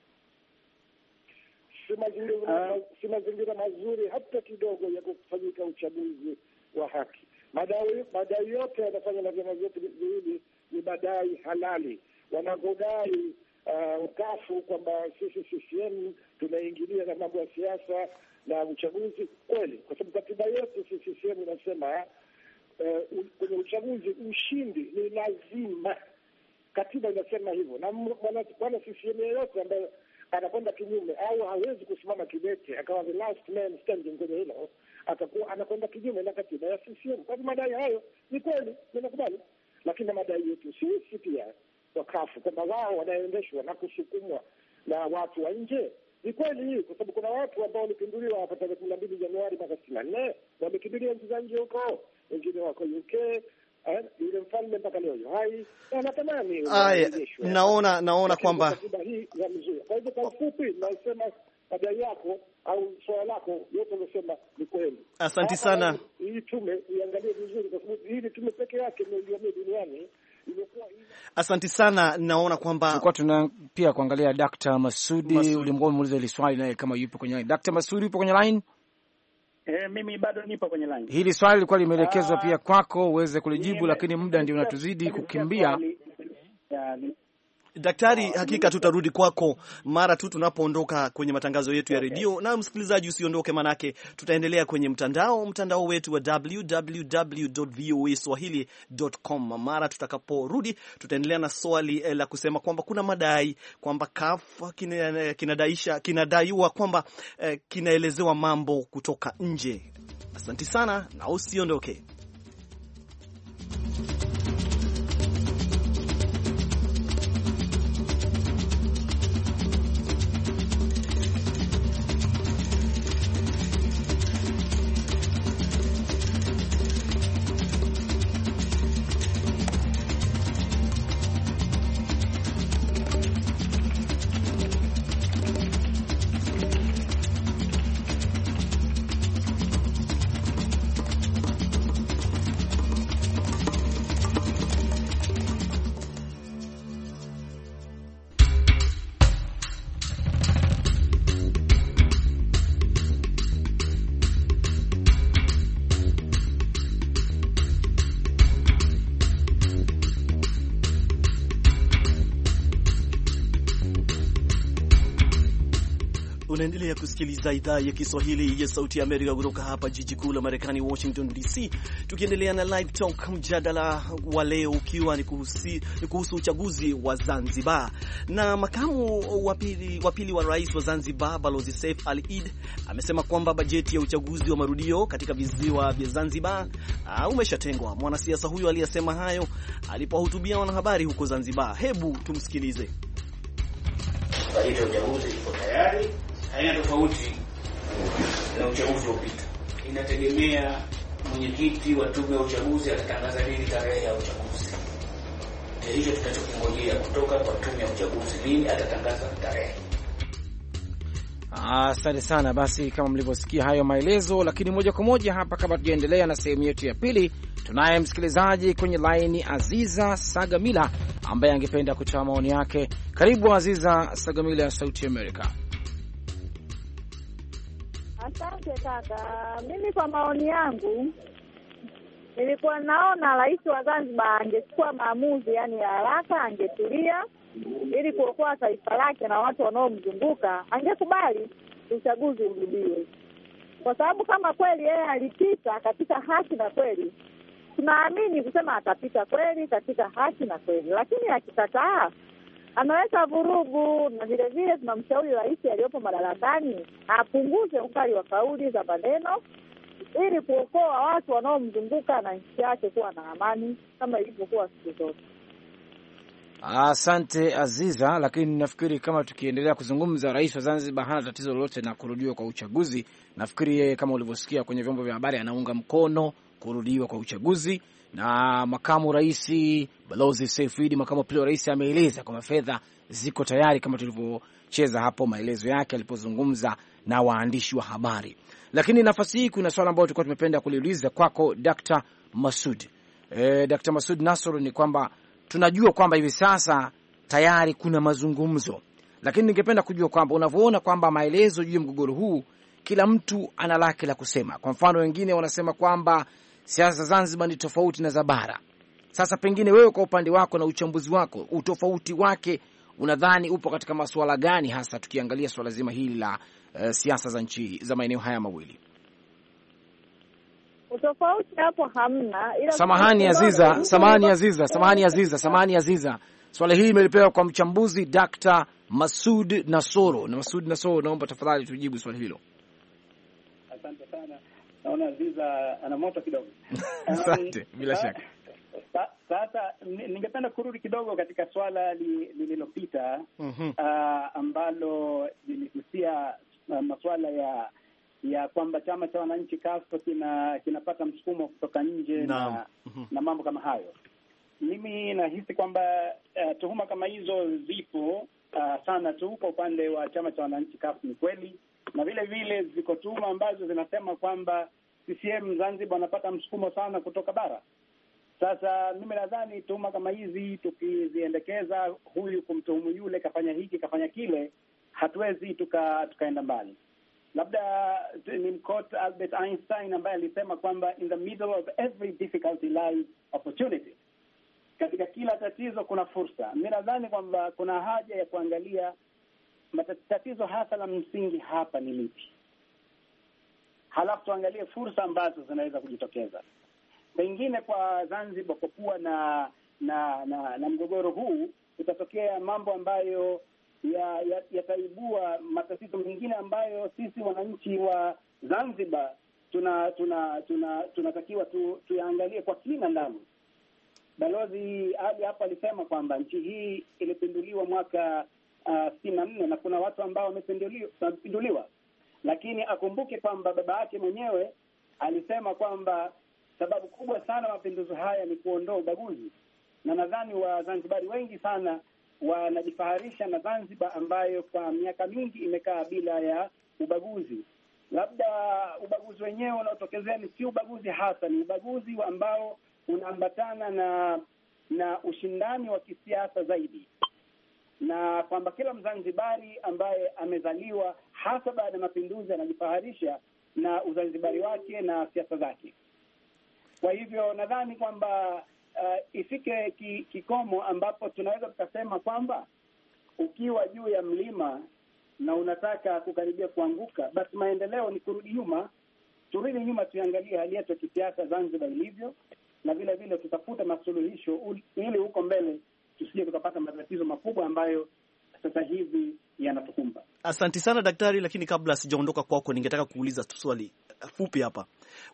Si mazingira mazuri hata kidogo ya kufanyika uchaguzi wa haki Madai madai yote yanafanywa na vyama vyote viwili ni madai halali, wanavyodai uh, ukafu uh, kwamba sisi CCM tunaingilia na mambo ya siasa na uchaguzi. Kweli, kwa sababu katiba yetu sisi CCM inasema uh, kwenye uchaguzi ushindi ni lazima. Katiba inasema hivyo, na mwana CCM yeyote ambaye anakwenda kinyume au hawezi kusimama kidete akawa the last man standing kwenye hilo atakuwa anakwenda kinyume na katiba ya CCM. Kwa hivyo madai hayo ni kweli, ninakubali, lakini na madai yetu sisi pia wakafu kwamba wao wanaendeshwa na kusukumwa na watu wa nje ni kweli hii, kwa sababu kuna watu ambao walipinduliwa hapa tarehe kumi na mbili Januari mwaka sitini na nne wamekimbilia nchi za nje huko, wengine wako UK. Eh, yule mfalme mpaka leo hai anatamani. Naona naona kwamba hii ya Kwa hivyo kwa ufupi, nasema madai yako au swala lako yote unasema ni kweli. Asante sana. Hii tume iangalie vizuri, kwa sababu hii tume peke yake ndio duniani Asanti sana. Naona kwamba tulikuwa tuna pia kuangalia Dr. Masudi, ulimkuwa umeuliza hili swali naye kama yupo kwenye line. Dr. Masudi, upo kwenye line? Eh, mimi bado nipo kwenye line. Hili swali lilikuwa limeelekezwa ah. pia kwako uweze kulijibu, lakini muda ndio unatuzidi kukimbia. Daktari, hakika tutarudi kwako mara tu tunapoondoka kwenye matangazo yetu ya redio. Na msikilizaji, usiondoke, manake tutaendelea kwenye mtandao mtandao wetu wa www.voaswahili.com. Mara tutakaporudi, tutaendelea na swali eh, la kusema kwamba kuna madai kwamba CAF eh, kinadaisha kinadaiwa kwamba eh, kinaelezewa mambo kutoka nje. Asanti sana na usiondoke. unaendelea kusikiliza idhaa ya Kiswahili ya Sauti ya Amerika kutoka hapa jiji kuu la Marekani, Washington DC, tukiendelea na Live Talk, mjadala wa leo ukiwa ni kuhusu uchaguzi wa Zanzibar. Na makamu wa pili wa rais wa Zanzibar Balozi Saif Ali Id amesema kwamba bajeti ya uchaguzi wa marudio katika visiwa vya Zanzibar ah, umeshatengwa. Mwanasiasa huyo aliyesema hayo alipowahutubia wanahabari huko Zanzibar. Hebu tumsikilize. Bajeti ya uchaguzi iko tayari aina tofauti na uchaguzi uliopita. Inategemea mwenyekiti wa tume ya uchaguzi atatangaza lini tarehe ya uchaguzi. Ndio hicho tunachokingojea kutoka kwa tume ya uchaguzi, lini atatangaza tarehe. Asante sana. Basi kama mlivyosikia hayo maelezo, lakini moja kwa moja hapa, kabla tujaendelea na sehemu yetu ya pili, tunaye msikilizaji kwenye laini, Aziza Sagamila ambaye angependa kutoa maoni yake. Karibu Aziza Sagamila ya Sauti Amerika. Asante kaka. Mimi kwa maoni yangu nilikuwa naona rais wa Zanzibar angechukua maamuzi yani ya haraka, angetulia ili kuokoa taifa lake na watu wanaomzunguka, angekubali uchaguzi urudiwe, kwa sababu kama kweli yeye alipita katika haki na kweli, tunaamini kusema atapita kweli katika haki na kweli, lakini akikataa ameleta vurugu, na vile vile tunamshauri rais aliyopo madarakani apunguze ukali wa kauli za maneno ili kuokoa watu wanaomzunguka na nchi yake kuwa na amani kama ilivyokuwa siku zote. Asante Aziza, lakini nafikiri kama tukiendelea kuzungumza, rais wa Zanzibar hana tatizo lolote na kurudiwa kwa uchaguzi. Nafikiri yeye kama ulivyosikia kwenye vyombo vya habari, anaunga mkono kurudiwa kwa uchaguzi na makamu rais Balozi Saifidi, makamu pili wa rais, ameeleza kwamba fedha ziko tayari kama tulivyocheza hapo maelezo yake alipozungumza na waandishi wa habari. Lakini nafasi hii kuna swala ambayo tulikuwa tumependa kuliuliza kwako Dr. Masud. E, Dr. Masud Nasor, ni kwamba tunajua kwamba hivi sasa tayari kuna mazungumzo, lakini ningependa kujua kwamba unavyoona kwamba maelezo juu ya mgogoro huu, kila mtu ana lake la kusema. Kwa mfano, wengine wanasema kwamba siasa za Zanzibar ni tofauti na za bara. Sasa pengine wewe kwa upande wako na uchambuzi wako, utofauti wake unadhani upo katika masuala gani, hasa tukiangalia suala zima hili la uh, siasa za nchi za maeneo haya mawili? Utofauti hapo hamna, ila samahani Aziza, samahani Aziza, samahani Aziza, samahani Aziza, swala hili imelipewa kwa mchambuzi Dr. Masud Nasoro. Na Masud Nasoro, naomba tafadhali tujibu swali hilo. Asante sana naona Aziza ana moto kidogo. Asante. Bila shaka sasa ningependa kurudi kidogo katika swala lililopita li, mm -hmm. uh, ah, ambalo lilihusia uh, ah, masuala ya ya kwamba chama cha wananchi kafu kina kinapata msukumo kutoka nje na mm -hmm. na mambo kama hayo. Mimi nahisi kwamba uh, tuhuma kama hizo zipo uh, sana tu kwa upande wa chama cha wananchi kafu, ni kweli, na vile vile ziko tuhuma ambazo zinasema kwamba CCM Zanzibar wanapata msukumo sana kutoka bara. Sasa mimi nadhani tuhuma kama hizi tukiziendekeza, huyu kumtuhumu yule kafanya hiki kafanya kile, hatuwezi tuka, tukaenda mbali. Labda eh, ni mkot Albert Einstein ambaye alisema kwamba in the middle of every difficulty lies opportunity, katika kila tatizo kuna fursa. Mi nadhani kwamba kuna haja ya kuangalia tatizo hasa la msingi hapa ni lipi halafu tuangalie fursa ambazo zinaweza kujitokeza pengine kwa Zanzibar kwa kuwa na na na, na mgogoro huu utatokea mambo ambayo yataibua ya, ya matatizo mengine ambayo sisi wananchi wa Zanzibar tuna tuna tunatakiwa tuna tu, tuyaangalie kwa kina ndani. Balozi Ali hapo alisema kwamba nchi hii ilipinduliwa mwaka ah, sitini uh, na nne na kuna watu ambao wamepinduliwa lakini akumbuke kwamba baba yake mwenyewe alisema kwamba sababu kubwa sana mapinduzi haya ni kuondoa ubaguzi, na nadhani Wazanzibari wengi sana wanajifaharisha na Zanzibar ambayo kwa miaka mingi imekaa bila ya ubaguzi. Labda ubaguzi wenyewe unaotokezea ni si ubaguzi hasa, ni ubaguzi ambao unaambatana na na ushindani wa kisiasa zaidi, na kwamba kila Mzanzibari ambaye amezaliwa hasa baada ya mapinduzi, anajifaharisha na uzanzibari wake na siasa zake. Kwa hivyo nadhani kwamba uh, ifike ki, kikomo ambapo tunaweza tukasema kwamba ukiwa juu ya mlima na unataka kukaribia kuanguka, basi maendeleo ni kurudi nyuma. Turudi nyuma, tuiangalie hali yetu ya kisiasa Zanzibar ilivyo, na vile vile tutafuta masuluhisho ili huko mbele tusije tukapata matatizo makubwa ambayo sasa hivi yanatukumba. Asanti sana daktari, lakini kabla sijaondoka kwako, ningetaka kuuliza tu swali eh, fupi hapa.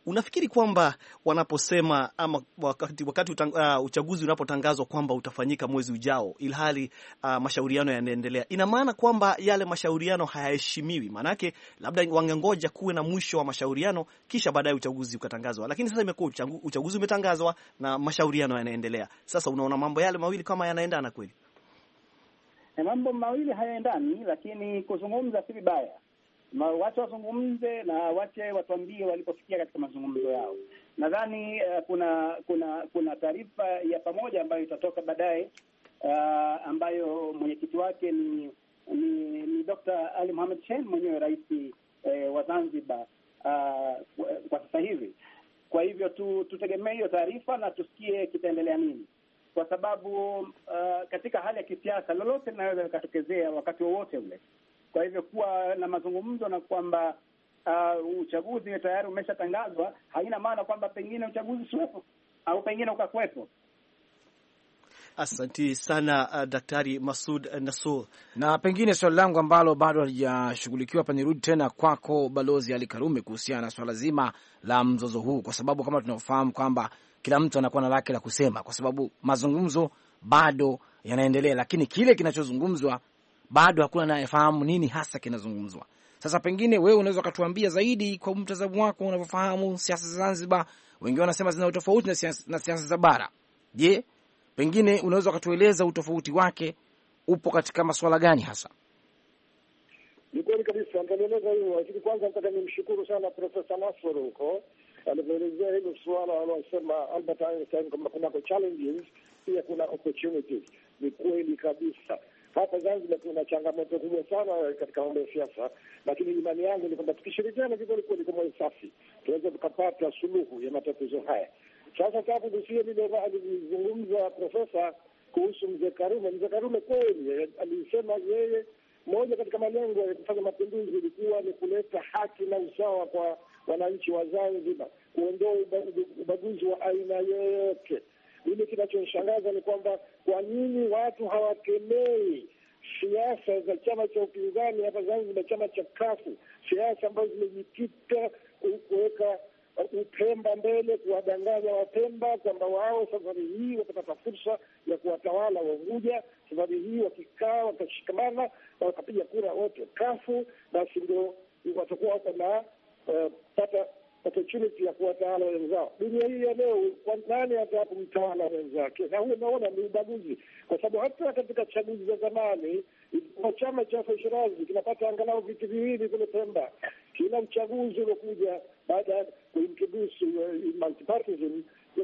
Unafikiri kwamba wanaposema ama wakati, wakati utang, uh, uchaguzi unapotangazwa kwamba utafanyika mwezi ujao, ilhali uh, mashauriano yanaendelea, ina maana kwamba yale mashauriano hayaheshimiwi? Maanake labda wangengoja kuwe na mwisho wa mashauriano kisha baadaye uchaguzi ukatangazwa, lakini sasa imekuwa uchaguzi umetangazwa na mashauriano yanaendelea. Sasa unaona mambo yale mawili kama yanaendana kweli? na mambo mawili hayaendani, lakini kuzungumza si vibaya. Wache wazungumze na wache watuambie walipofikia katika mazungumzo yao. Nadhani uh, kuna kuna kuna taarifa ya pamoja ambayo itatoka baadaye uh, ambayo mwenyekiti wake ni ni, ni Dr. Ali Mohamed Shein mwenyewe rais eh, wa Zanzibar uh, kwa sasa hivi. Kwa hivyo tu, tutegemee hiyo taarifa na tusikie kitaendelea nini kwa sababu uh, katika hali ya kisiasa lolote linaweza likatokezea wakati wowote ule. Kwa hivyo kuwa na mazungumzo na kwamba uh, uchaguzi tayari umeshatangazwa haina maana kwamba pengine uchaguzi usiwepo au pengine ukakuwepo. Asanti sana uh, Daktari Masud Nasur. Na pengine swali langu ambalo bado halijashughulikiwa hapa, tena kwako Balozi Ali Karume kuhusiana na swala zima la mzozo huu, kwa sababu kama tunavyofahamu kwamba kila mtu anakuwa na lake la kusema, kwa sababu mazungumzo bado yanaendelea, lakini kile kinachozungumzwa bado hakuna anayefahamu nini hasa kinazungumzwa. Sasa pengine wewe unaweza ukatuambia zaidi kwa mtazamo wako unavyofahamu siasa za Zanzibar. Wengi wanasema zina utofauti na siasa za bara. Je, pengine unaweza ukatueleza utofauti wake upo katika masuala gani hasa? Ni kweli kabisa, nitalieleza hiyo lakini kwanza nataka nimshukuru sana Profesa Nasoro huko alivyoelezea hilo suala alosema Albert Einstein kwamba kunako challenges pia kuna opportunities. Ni kweli kabisa. Hapa Zanzibar kuna changamoto kubwa sana eh, katika mambo ya siasa, lakini imani yangu ni kwamba tukishirikiana vivyo kweli kwa moyo safi, tunaweza tukapata suluhu ya matatizo haya. Sasa tabu tusie vile alizungumza Profesa kuhusu mzee Karume. Mzee Karume kweli eh, alisema yeye, moja katika malengo ya kufanya mapinduzi ilikuwa ni kuleta haki na usawa kwa wananchi wa Zanzibar, kuondoa ubaguzi wa aina yoyote. Mimi kinachoshangaza ni kwamba kwa nini watu hawakemei siasa za chama cha upinzani hapa Zanzibar, chama cha Kafu, siasa ambazo zimejikita kuweka Upemba mbele, kuwadanganya Wapemba kwamba wao safari hii watapata fursa ya kuwatawala wanguja Safari hii wakikaa, wakashikamana na wakapiga kura wote Kafu, basi ndio watakuwa wako na kupata eh, opportunity ya kuwatawala wenzao. Dunia hii ya leo, nani anataka kumtawala wenzake? Na huyo naona ni ubaguzi, kwa sababu hata katika chaguzi za zamani ilikuwa chama cha Fashirazi kinapata angalau viti viwili kule Pemba. Kila uchaguzi uliokuja baada ya kuintroduce eh, multipartism,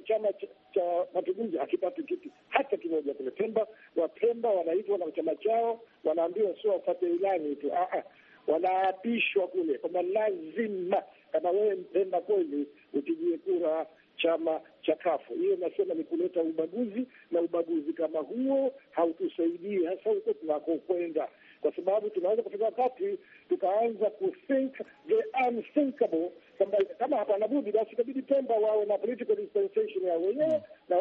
chama cha mapinduzi hakipati kiti hata kimoja kule Pemba. Wapemba wanaitwa na chama chao, wanaambiwa sio wafate ilani tu, ah ah wanaapishwa kule kwamba lazima, kama wewe mpenda kweli, upigie kura chama cha kafu. Hiyo nasema ni kuleta ubaguzi, na ubaguzi kama huo hautusaidii hasa huko tunakokwenda, kwa sababu tunaweza kufika wakati tukaanza kuthink the unthinkable kwamba kama hapana budi, basi itabidi Pemba wawe na political dispensation ya wenyewe mm. na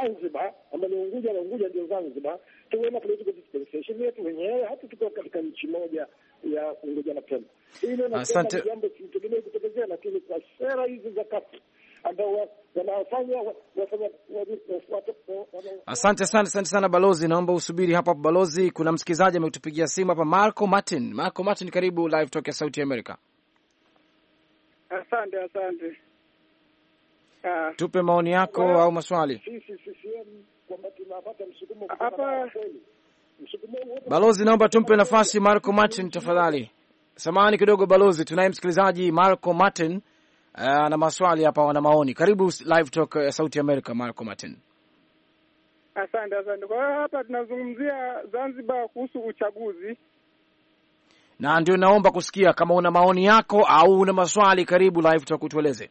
Zanzibar, ambayo ni Unguja na Unguja ndio Zanzibar, tuwe na political dispensation yetu wenyewe, hata tuko katika nchi moja ya Unguja na Pemba. Hilo nasema ni jambo sitegemee kutokezea, lakini kwa sera hizi za kafu Asante sana, asante sana balozi. Naomba usubiri hapa balozi, kuna msikilizaji ametupigia simu hapa, Marco Martin. Marco Martin, karibu Live Talk ya Sauti ya Amerika. Asante, asante. Ah, tupe maoni yako au maswali hapa balozi, naomba tumpe nafasi Marco Martin tafadhali. Samahani kidogo balozi, tunaye msikilizaji Marco Martin eh, ana uh, maswali hapa, wana maoni. Karibu live talk eh, ya uh, Sauti America, Marco Martin. Asante, asante. Kwa hiyo hapa tunazungumzia Zanzibar kuhusu uchaguzi na ndio naomba kusikia kama una maoni yako au una maswali. Karibu live talk, tueleze.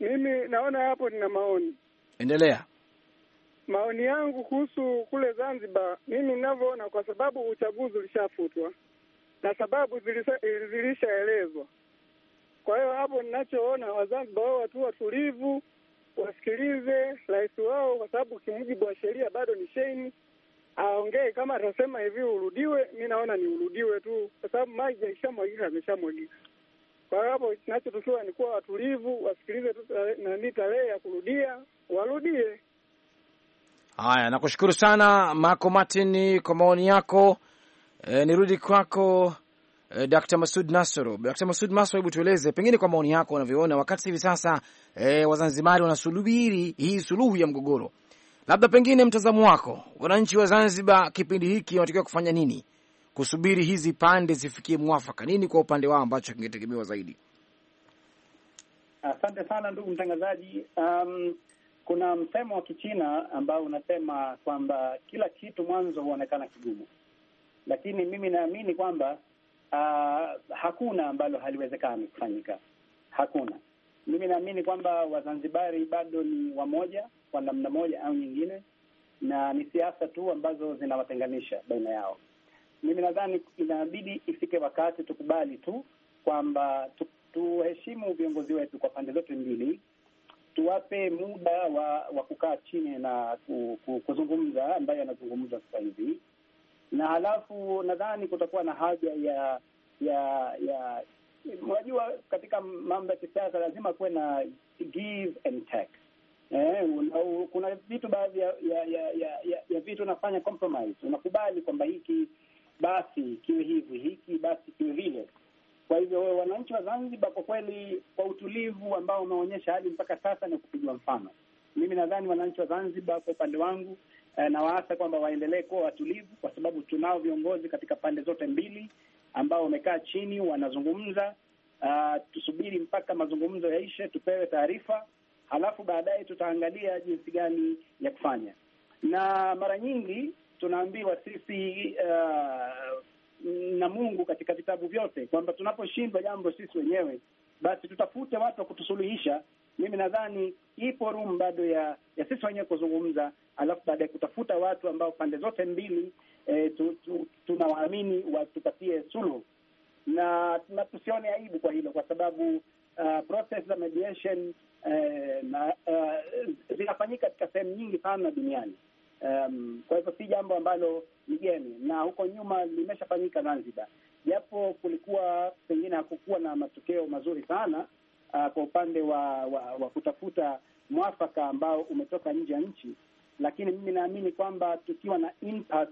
Mimi naona hapo nina maoni, endelea. Maoni yangu kuhusu kule Zanzibar, mimi ninavyoona, kwa sababu uchaguzi ulishafutwa na sababu zilishaelezwa. Kwa hiyo hapo ninachoona, Wazanzibar wao watu watulivu, wasikilize rais wao, kwa sababu kimujibu wa sheria bado ni sheni aongee. Kama atasema hivi urudiwe, mi naona ni urudiwe tu, kwa sababu maji yaishamwagika, ameshamwagika. Kwa hapo kinachotakiwa ni kuwa watulivu, wasikilize tu eh, nani tarehe ya kurudia, warudie. Haya, nakushukuru sana Marco Martin kwa maoni yako. E, nirudi kwako e, Dr. Masud Nasoro. Dr. Masud Nasoro, hebu tueleze pengine kwa maoni yako unavyoona wakati hivi sasa e, Wazanzibari wanasubiri hii suluhu ya mgogoro Labda pengine mtazamo wako, wananchi wa Zanzibar kipindi hiki wanatakiwa kufanya nini? Kusubiri hizi pande zifikie mwafaka, nini kwa upande wao ambacho kingetegemewa zaidi? Asante sana ndugu mtangazaji. Um, kuna msemo wa Kichina ambao unasema kwamba kila kitu mwanzo huonekana kigumu, lakini mimi naamini kwamba uh, hakuna ambalo haliwezekani kufanyika, hakuna. Mimi naamini kwamba Wazanzibari bado ni wamoja kwa namna moja au nyingine, na ni siasa tu ambazo zinawatenganisha baina yao. Mimi nadhani inabidi ifike wakati tukubali tu kwamba tu, tuheshimu viongozi wetu kwa pande zote mbili, tuwape muda wa, wa kukaa chini na ku, ku, kuzungumza ambayo anazungumza sasa hivi, na halafu nadhani kutakuwa na haja ya ya ya unajua, katika mambo ya kisiasa lazima kuwe na give and take eh, una, kuna vitu baadhi ya ya, ya, ya, ya vitu unafanya compromise, unakubali kwamba hiki basi kiwe hivi, hiki basi kiwe vile. Kwa hivyo wananchi wa Zanzibar kwa kweli, kwa utulivu ambao umeonyesha hadi mpaka sasa ni kupigwa mfano. Mimi nadhani wananchi wa Zanzibar kwa upande wangu eh, nawaasa kwamba waendelee kuwa watulivu, kwa sababu tunao viongozi katika pande zote mbili ambao wamekaa chini wanazungumza. Uh, tusubiri mpaka mazungumzo yaishe, tupewe taarifa halafu baadaye tutaangalia jinsi gani ya kufanya. Na mara nyingi tunaambiwa sisi uh, na Mungu katika vitabu vyote kwamba tunaposhindwa jambo sisi wenyewe, basi tutafute watu wa kutusuluhisha. Mimi nadhani ipo room bado ya, ya sisi wenyewe kuzungumza, alafu baadaye kutafuta watu ambao pande zote mbili eh, tu, tu, tunawaamini watupatie suluhu na, na tusione aibu kwa hilo, kwa sababu uh, process za mediation eh, na uh, zinafanyika katika sehemu nyingi sana duniani. Um, kwa hivyo si jambo ambalo ni geni, na huko nyuma limeshafanyika Zanzibar, japo kulikuwa pengine hakukuwa na matokeo mazuri sana uh, kwa upande wa, wa, wa kutafuta mwafaka ambao umetoka nje ya nchi, lakini mimi naamini kwamba tukiwa na impact,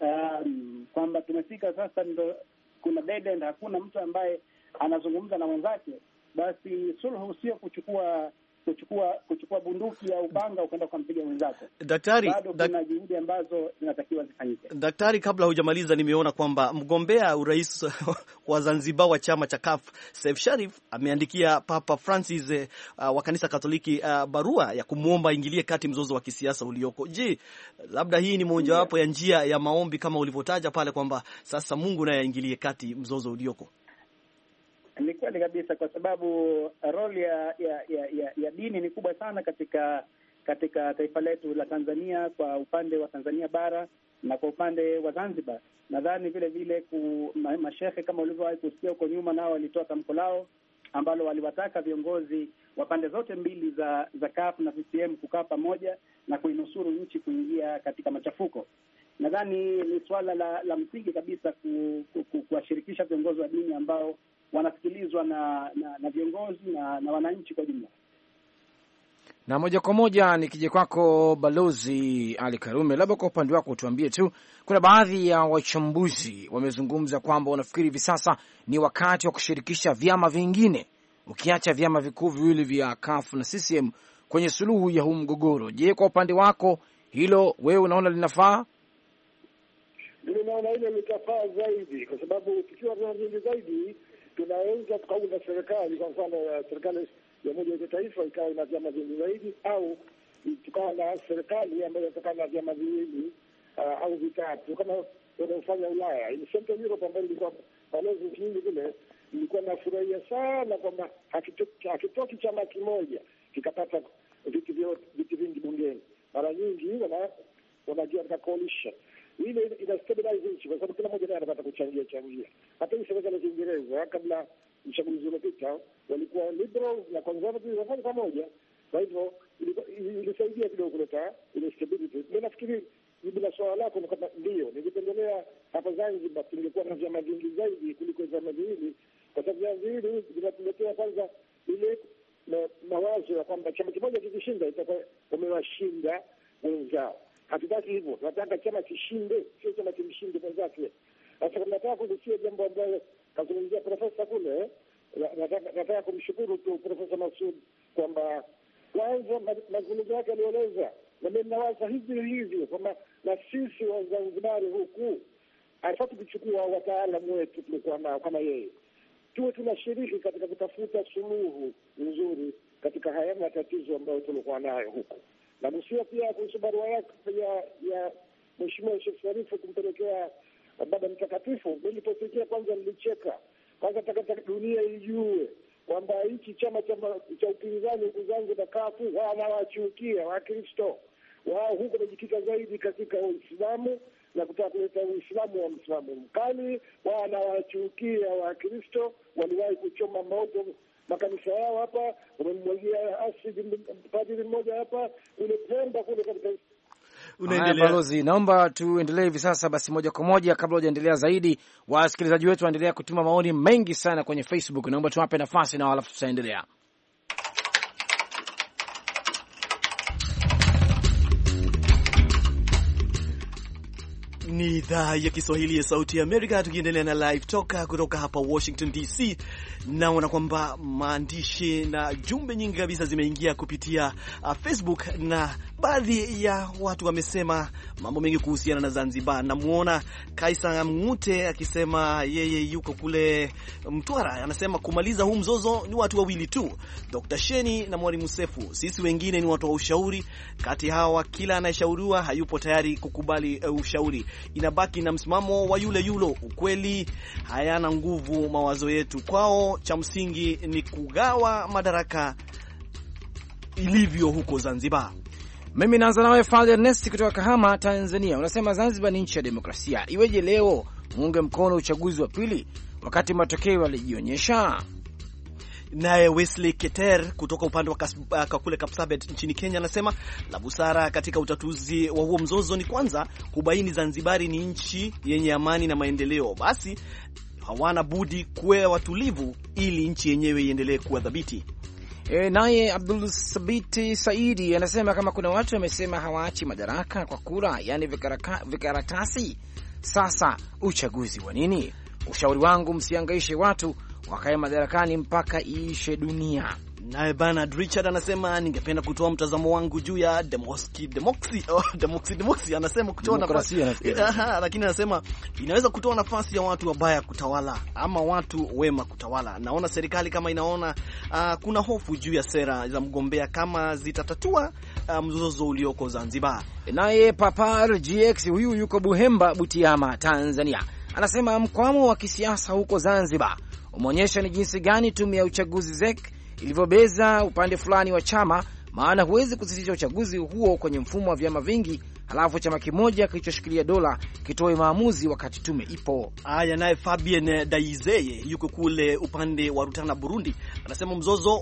um, kwamba tumefika sasa, ndo kuna hakuna mtu ambaye anazungumza na wenzake basi suluhu sio kuchukua kuchukua kuchukua bunduki au banga ukaenda ukampiga mwenzako. Daktari, bado dak... kuna juhudi ambazo zinatakiwa zifanyike. Daktari, kabla hujamaliza, nimeona kwamba mgombea urais wa Zanzibar wa chama cha CUF Saif Sharif ameandikia Papa Francis uh, wa kanisa Katoliki uh, barua ya kumwomba ingilie kati mzozo wa kisiasa ulioko. Je, labda hii ni mojawapo yeah, ya njia ya maombi kama ulivyotaja pale kwamba sasa Mungu naye aingilie kati mzozo ulioko? Ni kweli kabisa, kwa sababu roli ya, ya, ya, ya, ya dini ni kubwa sana katika katika taifa letu la Tanzania, kwa upande wa Tanzania bara na kwa upande wa Zanzibar. Nadhani vile vile ku, ma, mashehe kama ulivyowahi kusikia huko nyuma, nao walitoa tamko lao ambalo waliwataka viongozi wa pande zote mbili za za CUF na CCM kukaa pamoja na kuinusuru nchi kuingia katika machafuko. Nadhani ni suala la, la msingi kabisa kuwashirikisha ku, ku, viongozi wa dini ambao wanasikilizwa na, na, na viongozi na, na wananchi kwa jumla. Na moja kwa moja nikije kwako Balozi Ali Karume, labda kwa upande wako tuambie tu, kuna baadhi ya wachambuzi wamezungumza kwamba wanafikiri hivi sasa ni wakati wa kushirikisha vyama vingine, ukiacha vyama vikuu viwili vya CUF na CCM kwenye suluhu ya huu mgogoro. Je, kwa upande wako hilo wewe unaona linafaa? Mimi naona hilo litafaa zaidi, kwa sababu tukiwa vyama vingi zaidi tunaweza tukaunda na serikali kwa mfano ya serikali ya umoja wa kitaifa ikawa ina vyama vingi zaidi, au tukawa na serikali ambayo inatokana na vyama viwili ah, au vitatu, kama wanaofanya Ulaya. Central Europe ambayo ilikuwa balozi nchi nyingi vile, ilikuwa nafurahia sana kwamba hakitoki chama kimoja kikapata viti vingi bungeni. Mara nyingi wanaingia katika ile ina stabilize nchi, kwa sababu kila mmoja naye anapata kuchangia changia. Hata hii serikali ya Kiingereza kabla uchaguzi uliopita walikuwa liberals na conservatives wafanya pamoja, kwa hivyo ilisaidia kidogo kuleta ile stability. Mi nafikiri jibu la swala lako ni kwamba ndio, ningependelea hapa Zanzibar tungekuwa na vyama vingi zaidi kuliko vyama viwili, kwa sababu vyama viwili vinatuletea kwanza ile mawazo ya kwamba chama kimoja kikishinda itakuwa umewashinda wenzao hatutaki hivyo, tunataka chama kishinde, sio chama kimshinde mwenzake. Sasa nataka kugusia jambo ambayo kazungumzia profesa kule, eh, nataka kumshukuru tu Profesa Masud kwamba kwanza mazungumzo yake alioleza nami nawaza hivi hivyo kwamba na sisi Wazanzibari huku alifaa tukichukua wataalamu wetu tulikuwa nao kama yeye, tuwe tunashiriki katika kutafuta suluhu nzuri katika haya matatizo ambayo tulikuwa nayo huku. Nagusia pia kuhusu barua yake ya ya Mheshimiwa Sheikh Sharifu kumpelekea Baba Mtakatifu. Niliposikia kwanza nilicheka, kwanza takataka dunia ijue kwamba hichi chama cha upinzani huku na kafu wanawachukia Wakristo wao huko wamejikita zaidi katika Uislamu na kutaka kuleta Uislamu wa msimamo mkali. Wanawachukia Wakristo, waliwahi kuchoma moto makanisa yao hapa, wamemwagia padiri mmoja hapa, kule Pemba kule katika Unaendelea balozi, naomba tuendelee hivi sasa basi, moja kwa moja. Kabla hujaendelea zaidi, wasikilizaji wetu waendelea kutuma maoni mengi sana kwenye Facebook, naomba tuwape nafasi na halafu tutaendelea. ni idhaa ya Kiswahili ya Sauti ya Amerika, tukiendelea na live toka kutoka hapa Washington DC. Naona kwamba maandishi na jumbe nyingi kabisa zimeingia kupitia uh, Facebook na baadhi ya watu wamesema mambo mengi kuhusiana na Zanzibar. Namwona Kaisa Mng'ute akisema yeye yuko kule Mtwara, anasema kumaliza huu mzozo ni watu wawili tu, Dr. Sheni na Mwalimu Sefu. Sisi wengine ni watu wa ushauri. Kati hawa kila anayeshauriwa hayupo tayari kukubali eh, ushauri, inabaki na msimamo wa yule yulo. Ukweli hayana nguvu mawazo yetu kwao, cha msingi ni kugawa madaraka ilivyo huko Zanzibar. Mimi naanza nawe Father Ernest kutoka Kahama, Tanzania. Unasema Zanzibar ni nchi ya demokrasia, iweje leo muunge mkono uchaguzi wa pili wakati matokeo yalijionyesha? Naye Wesley Keter kutoka upande wa kakule uh, Kapsabet nchini Kenya anasema la busara katika utatuzi wa huo mzozo ni kwanza kubaini Zanzibari ni nchi yenye amani na maendeleo, basi hawana budi kuwa watulivu ili nchi yenyewe iendelee kuwa dhabiti E, naye Abdul Sabiti Saidi anasema kama kuna watu wamesema hawaachi madaraka kwa kura, yani vikaratasi. Sasa uchaguzi wa nini? Ushauri wangu msiangaishe watu wakae madarakani mpaka iishe dunia. Naye Bernard Richard anasema ningependa kutoa mtazamo wangu juu ya demoski demoksi oh, demoksi demoksi, anasema kutoa nafasi lakini anasema inaweza kutoa nafasi ya watu wabaya kutawala ama watu wema kutawala. Naona serikali kama inaona uh, kuna hofu juu ya sera za mgombea kama zitatatua uh, mzozo ulioko Zanzibar. Naye Papar GX huyu yuko Buhemba, Butiama, Tanzania anasema mkwamo wa kisiasa huko Zanzibar umeonyesha ni jinsi gani tume ya uchaguzi ZEK kilivyobeza upande fulani wa chama, maana huwezi kusitisha uchaguzi huo kwenye mfumo wa vyama vingi halafu chama kimoja kilichoshikilia dola kitoe maamuzi wakati tume ipo. Haya, naye Fabien Daizeye yuko kule upande wa Rutana, Burundi, anasema mzozo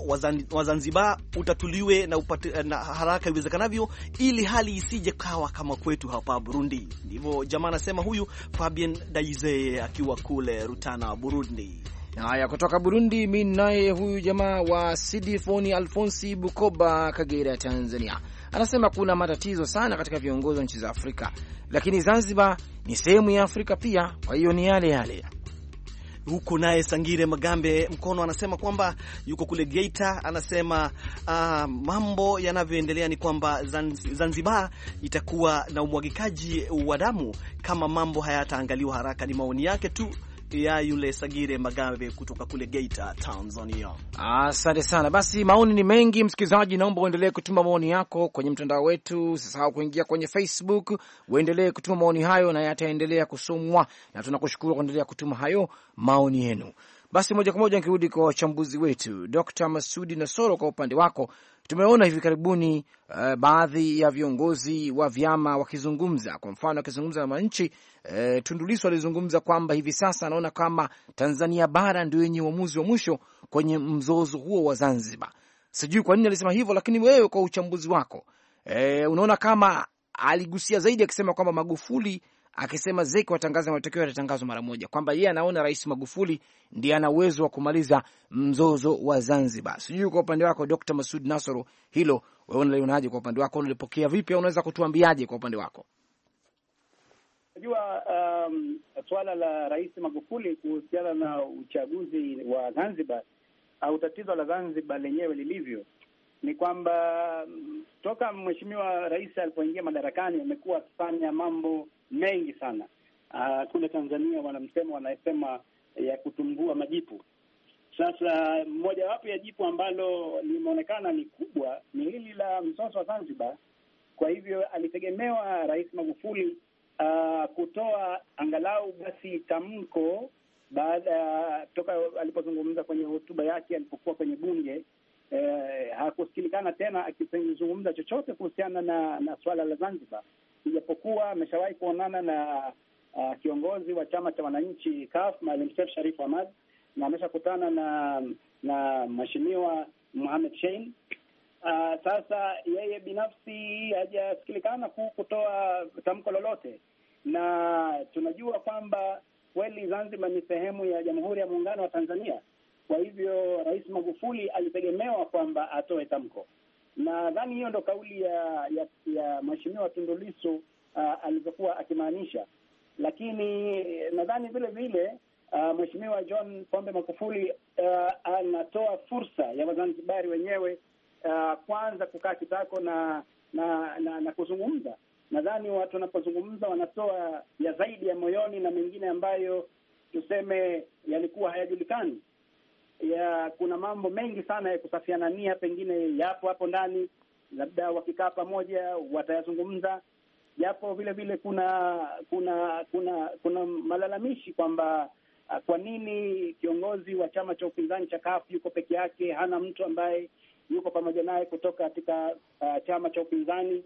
wa Zanzibar utatuliwe na, upate, na haraka iwezekanavyo ili hali isije kawa kama kwetu hapa Burundi. Ndivyo jamaa anasema huyu Fabien Daizeye akiwa kule Rutana, Burundi. Haya, kutoka Burundi, mi naye huyu jamaa wa Sidifoni Alfonsi, Bukoba, Kagera, Tanzania, anasema kuna matatizo sana katika viongozi wa nchi za Afrika, lakini Zanzibar ni sehemu ya Afrika pia, kwa hiyo ni yale yale huko naye Sangire Magambe Mkono anasema kwamba yuko kule Geita, anasema uh, mambo yanavyoendelea ni kwamba Zanzibar itakuwa na umwagikaji wa damu kama mambo hayataangaliwa haraka. Ni maoni yake tu ya yule Sagire Magabe kutoka kule Geita, Tanzania. Asante sana. Basi maoni ni mengi, msikilizaji, naomba uendelee kutuma maoni yako kwenye mtandao wetu. Usisahau kuingia kwenye Facebook, uendelee kutuma maoni hayo na yataendelea kusomwa, na tunakushukuru kuendelea kutuma hayo maoni yenu. Basi moja kwa moja nikirudi kwa wachambuzi wetu, Dr. Masudi Nasoro, kwa upande wako, tumeona hivi karibuni uh, baadhi ya viongozi wa vyama wakizungumza, kwa mfano wakizungumza na wananchi uh, Tundu alizungumza kwamba hivi sasa anaona kama Tanzania bara ndio yenye uamuzi wa mwisho kwenye mzozo huo wa Zanzibar. Sijui kwa nini alisema hivyo, lakini wewe kwa uchambuzi wako, uh, unaona kama aligusia zaidi akisema kwamba Magufuli akisema ZEC watangaza matokeo yatatangazwa mara moja, kwamba yeye anaona Rais Magufuli ndiye ana uwezo wa kumaliza mzozo wa Zanzibar. Sijui kwa upande wako Dr. Masud Nasoro, hilo wewe unalionaje? Kwa upande wako unalipokea vipi, au unaweza kutuambiaje kwa upande wako? Najua um, suala la Rais Magufuli kuhusiana na uchaguzi wa Zanzibar au tatizo la Zanzibar lenyewe lilivyo ni kwamba mm, toka mheshimiwa rais alipoingia madarakani amekuwa akifanya mambo mengi sana. Uh, kule Tanzania wanamsema wanasema ya kutumbua majipu. Sasa mojawapo ya jipu ambalo limeonekana ni kubwa ni hili la mzozo wa Zanzibar. Kwa hivyo alitegemewa Rais Magufuli uh, kutoa angalau basi tamko baada ya toka alipozungumza kwenye hotuba yake alipokuwa kwenye bunge eh, hakusikilikana tena akizungumza chochote kuhusiana na, na suala la Zanzibar ijapokuwa ameshawahi kuonana na uh, kiongozi wa chama cha wananchi CUF Maalim Seif Sharif Hamad na ameshakutana na na mheshimiwa Mohamed Shein. Uh, sasa yeye binafsi hajasikilikana ku kutoa tamko lolote, na tunajua kwamba kweli Zanzibar ni sehemu ya Jamhuri ya Muungano wa Tanzania. Kwa hivyo Rais Magufuli alitegemewa kwamba atoe tamko Nadhani hiyo ndo kauli ya ya, ya mheshimiwa Tundu Lissu uh, alivyokuwa akimaanisha, lakini eh, nadhani vile vile uh, mheshimiwa John Pombe Magufuli uh, anatoa fursa ya Wazanzibari wenyewe uh, kwanza kukaa kitako na na, na, na kuzungumza. Nadhani watu wanapozungumza wanatoa ya zaidi ya moyoni na mengine ambayo tuseme yalikuwa hayajulikani ya kuna mambo mengi sana ya kusafiana nia, pengine yapo hapo ndani, labda wakikaa pamoja watayazungumza, japo vile vile kuna kuna kuna kuna malalamishi kwamba ah, kwa nini kiongozi wa chama cha upinzani cha kafu yuko peke yake, hana mtu ambaye yuko pamoja naye kutoka katika uh, chama cha upinzani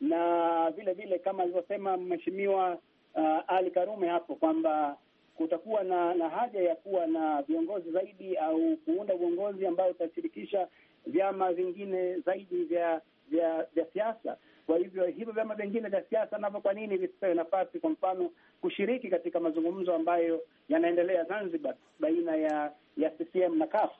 na vile vile kama alivyosema mheshimiwa uh, Ali Karume hapo kwamba kutakuwa na, na haja ya kuwa na viongozi zaidi au kuunda uongozi ambao utashirikisha vyama vingine zaidi vya vya vya siasa. Kwa hivyo hivyo vyama vingine vya siasa navyo, kwa nini visipewe nafasi, kwa mfano, kushiriki katika mazungumzo ambayo yanaendelea Zanzibar baina ya ya CCM na CUF?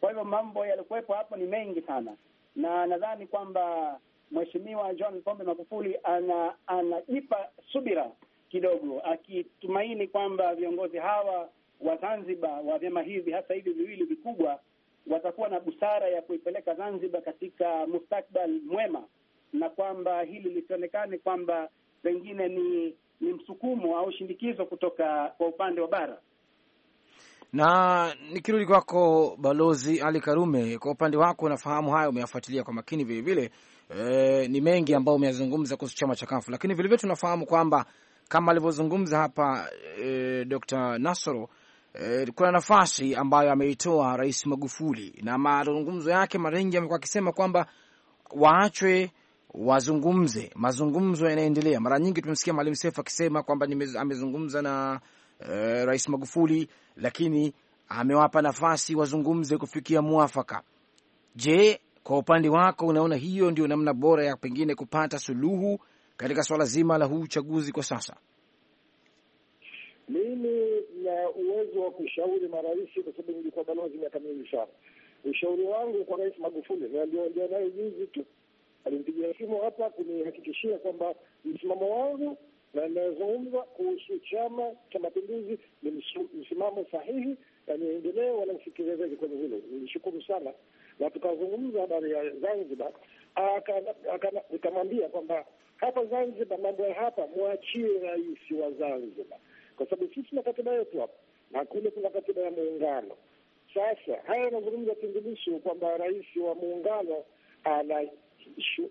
Kwa hivyo mambo yalikuwepo hapo ni mengi sana, na nadhani kwamba Mheshimiwa John Pombe Magufuli ana anajipa subira kidogo, akitumaini kwamba viongozi hawa wa Zanzibar wa vyama hivi hasa hivi viwili vikubwa watakuwa na busara ya kuipeleka Zanzibar katika mustakbal mwema, na kwamba hili lisionekane kwamba pengine ni ni msukumo au shindikizo kutoka kwa upande wa bara. Na nikirudi kwako Balozi Ali Karume, kwa upande wako unafahamu haya, umeyafuatilia kwa makini vilevile. E, eh, ni mengi ambayo umeyazungumza kuhusu chama cha Kafu, lakini vilevile tunafahamu kwamba kama alivyozungumza hapa e, Dr. Nasoro e, kuna nafasi ambayo ameitoa Rais Magufuli na mazungumzo yake. Mara nyingi amekuwa akisema kwamba waachwe wazungumze, mazungumzo yanaendelea. Mara nyingi tumemsikia mwalim Sefu akisema kwamba amezungumza na e, Rais Magufuli, lakini amewapa nafasi wazungumze kufikia mwafaka. Je, kwa upande wako unaona hiyo ndio namna bora ya pengine kupata suluhu katika swala zima la huu uchaguzi kwa sasa? Mimi na uwezo wa kushauri marais kwa sababu nilikuwa balozi miaka mingi sana. Ushauri wangu kwa Rais Magufuli na aliongea naye juzi tu, alimpigia simu hapa kunihakikishia kwamba msimamo wangu na inayozungumza kuhusu Chama cha Mapinduzi ni msimamo sahihi na niendelee wala usikilize kwenye hilo. Nilishukuru sana na tukazungumza habari ya Zanzibar, akamwambia kwamba hapa Zanzibar mambo ya hapa mwachie rais wa Zanzibar, kwa sababu sisi tuna katiba yetu hapa na kule kuna katiba ya muungano. Sasa haya yanazungumza Tundulisu kwamba rais wa muungano ana,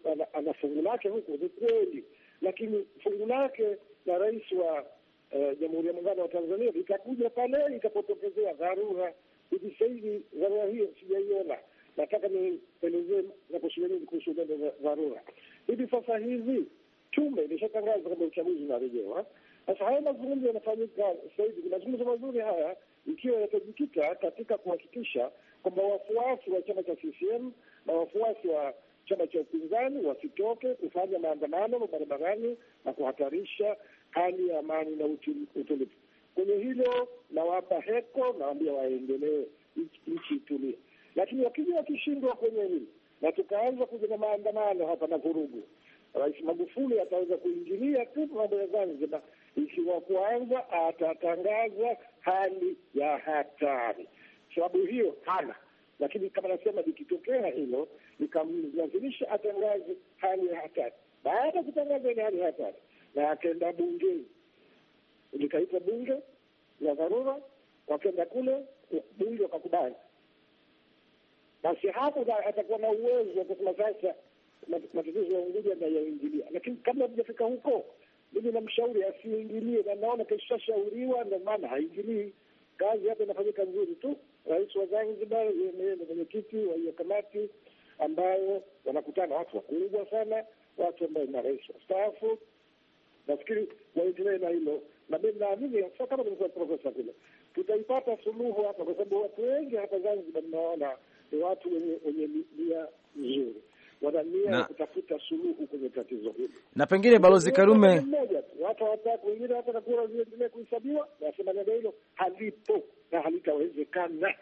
ana, ana fungu lake huku, ni kweli, lakini fungu lake na rais wa eh, Jamhuri ya Muungano wa Tanzania itakuja pale itapotokezea dharura. Hivi sahivi dharura hiyo sijaiona. Nataka nielezee naposhuga kushughulikia kuhusu dharura hivi sasa hivi tume ilishatangaza kwamba uchaguzi unarejewa. Sasa haya mazungumzo yanafanyika sasa hivi, ni mazungumzo mazuri haya, ikiwa yatajikita katika kuhakikisha kwamba wafuasi wa chama cha CCM na wafuasi wa chama cha upinzani wasitoke kufanya maandamano barabarani na kuhatarisha hali ya amani na utulivu. Kwenye hilo nawapa heko, nawambia waendelee, nchi itulie. Lakini wakija wakishindwa kwenye hili na tukaanza kuja na maandamano hapa na vurugu, Rais Magufuli ataweza kuingilia tu mambo ya Zanzibar ikiwa kwanza atatangaza hali ya hatari. Sababu hiyo hana, lakini kama nasema, likitokea hilo likamlazimisha atangaze hali ya hatari, baada ya kutangaza ile hali ya hatari, na akenda bungeni, likaitwa bunge la dharura, wakenda kule bunge wakakubali basi hapo atakuwa na uwezo wa kusema sasa matatizo ya Unguja anayoingilia. Lakini kabla hatujafika huko, mimi namshauri asiingilie, na naona keshashauriwa, ndio maana haingilii. Kazi hapa inafanyika nzuri tu. Rais wa Zanzibar yeye ndio mwenyekiti wa hiyo kamati ambayo wanakutana watu wakubwa sana, watu ambao na rais wa wastaafu. Nafikiri waendelee na hilo, na mi naamini kama nimekuwa profesa vile tutaipata suluhu hapa, kwa sababu watu wengi hapa Zanzibar ninaona ni watu wenye wenye nia nzuri, wana nia ya kutafuta suluhu kwenye tatizo hili. Na pengine Balozi Karume mmoja tu, hata watatu wengine, hata na kura ziendelee kuhesabiwa, nasema neno hilo halipo na halitawezekana.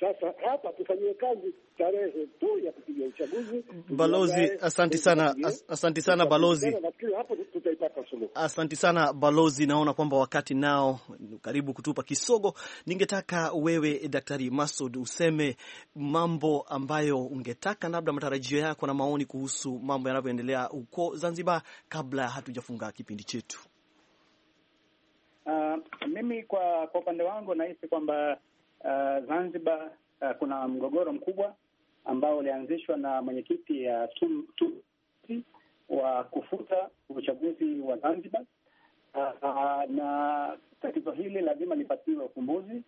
Sasa hapa tufanyie kazi tarehe tu ya kupiga uchaguzi. Balozi, asanti sana, asanti sana balozi, asanti sana balozi. Naona kwamba wakati nao karibu kutupa kisogo. Ningetaka wewe Daktari Masud useme mambo ambayo ungetaka, labda matarajio yako na maoni kuhusu mambo yanavyoendelea huko Zanzibar, kabla hatujafunga kipindi chetu. Uh, mimi kwa kwa upande wangu nahisi kwamba uh, Zanzibar uh, kuna mgogoro mkubwa ambao ulianzishwa na mwenyekiti ya eh, tu, wa kufuta uchaguzi wa Zanzibar uh, na tatizo hili lazima lipatiwe ufumbuzi.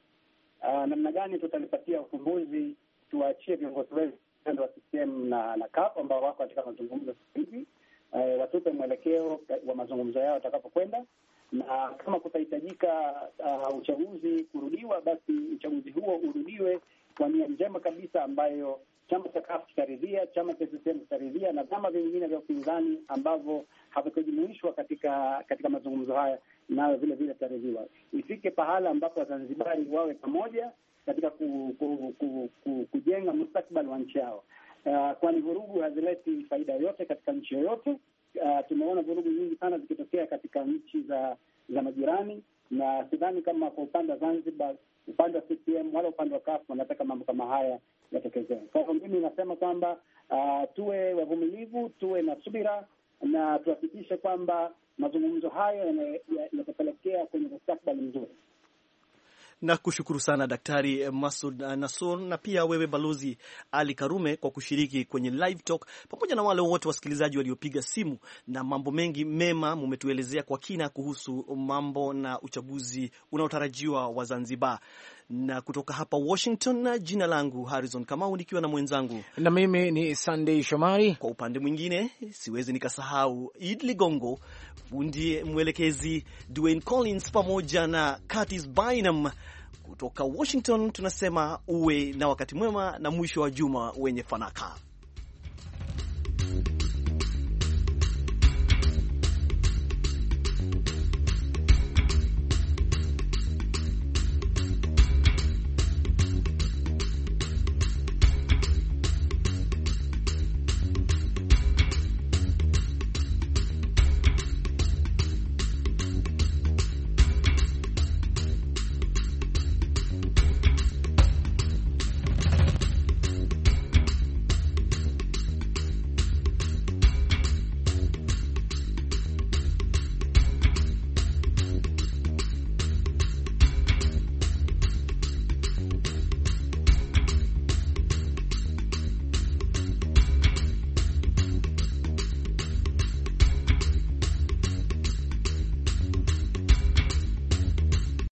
Uh, namna gani tutalipatia ufumbuzi? Tuwaachie viongozi wetu upande wa CCM na na CUF ambao wako katika mazungumzo sasa hivi, uh, watupe mwelekeo wa mazungumzo yao watakapokwenda na kama kutahitajika uh, uchaguzi kurudiwa, basi uchaguzi huo urudiwe kwa nia njema kabisa ambayo chama cha kafu kitaridhia, chama cha CCM kitaridhia na vyama vingine vya upinzani ambavyo havikujumuishwa katika katika mazungumzo haya, nayo vile vile taridhiwa. Ifike pahala ambapo Wazanzibari wawe pamoja katika ku, ku, ku, ku, ku, kujenga mustakbali wa nchi yao, uh, kwani vurugu hazileti faida yoyote katika nchi yoyote uh, tumeona vurugu nyingi sana zikitokea katika nchi za za majirani, na sidhani kama kwa upande wa Zanzibar, upande wa CCM wala upande wa kafu wanataka mambo kama haya yatokezea Kwa hivyo mimi nasema kwamba uh, tuwe wavumilivu, tuwe na subira na tuhakikishe kwamba mazungumzo hayo yanatupelekea kwenye mustakbali mzuri na kushukuru sana Daktari Masud Nasur na pia wewe Balozi Ali Karume kwa kushiriki kwenye live talk, pamoja na wale wote wasikilizaji waliopiga simu, na mambo mengi mema mumetuelezea kwa kina kuhusu mambo na uchaguzi unaotarajiwa wa Zanzibar na kutoka hapa Washington, na jina langu Harrison Kamau nikiwa na mwenzangu na mimi ni Sunday Shomari. Kwa upande mwingine siwezi nikasahau Id Ligongo, ndiye mwelekezi Dwayne Collins pamoja na Curtis Bynum kutoka Washington. Tunasema uwe na wakati mwema na mwisho wa juma wenye fanaka.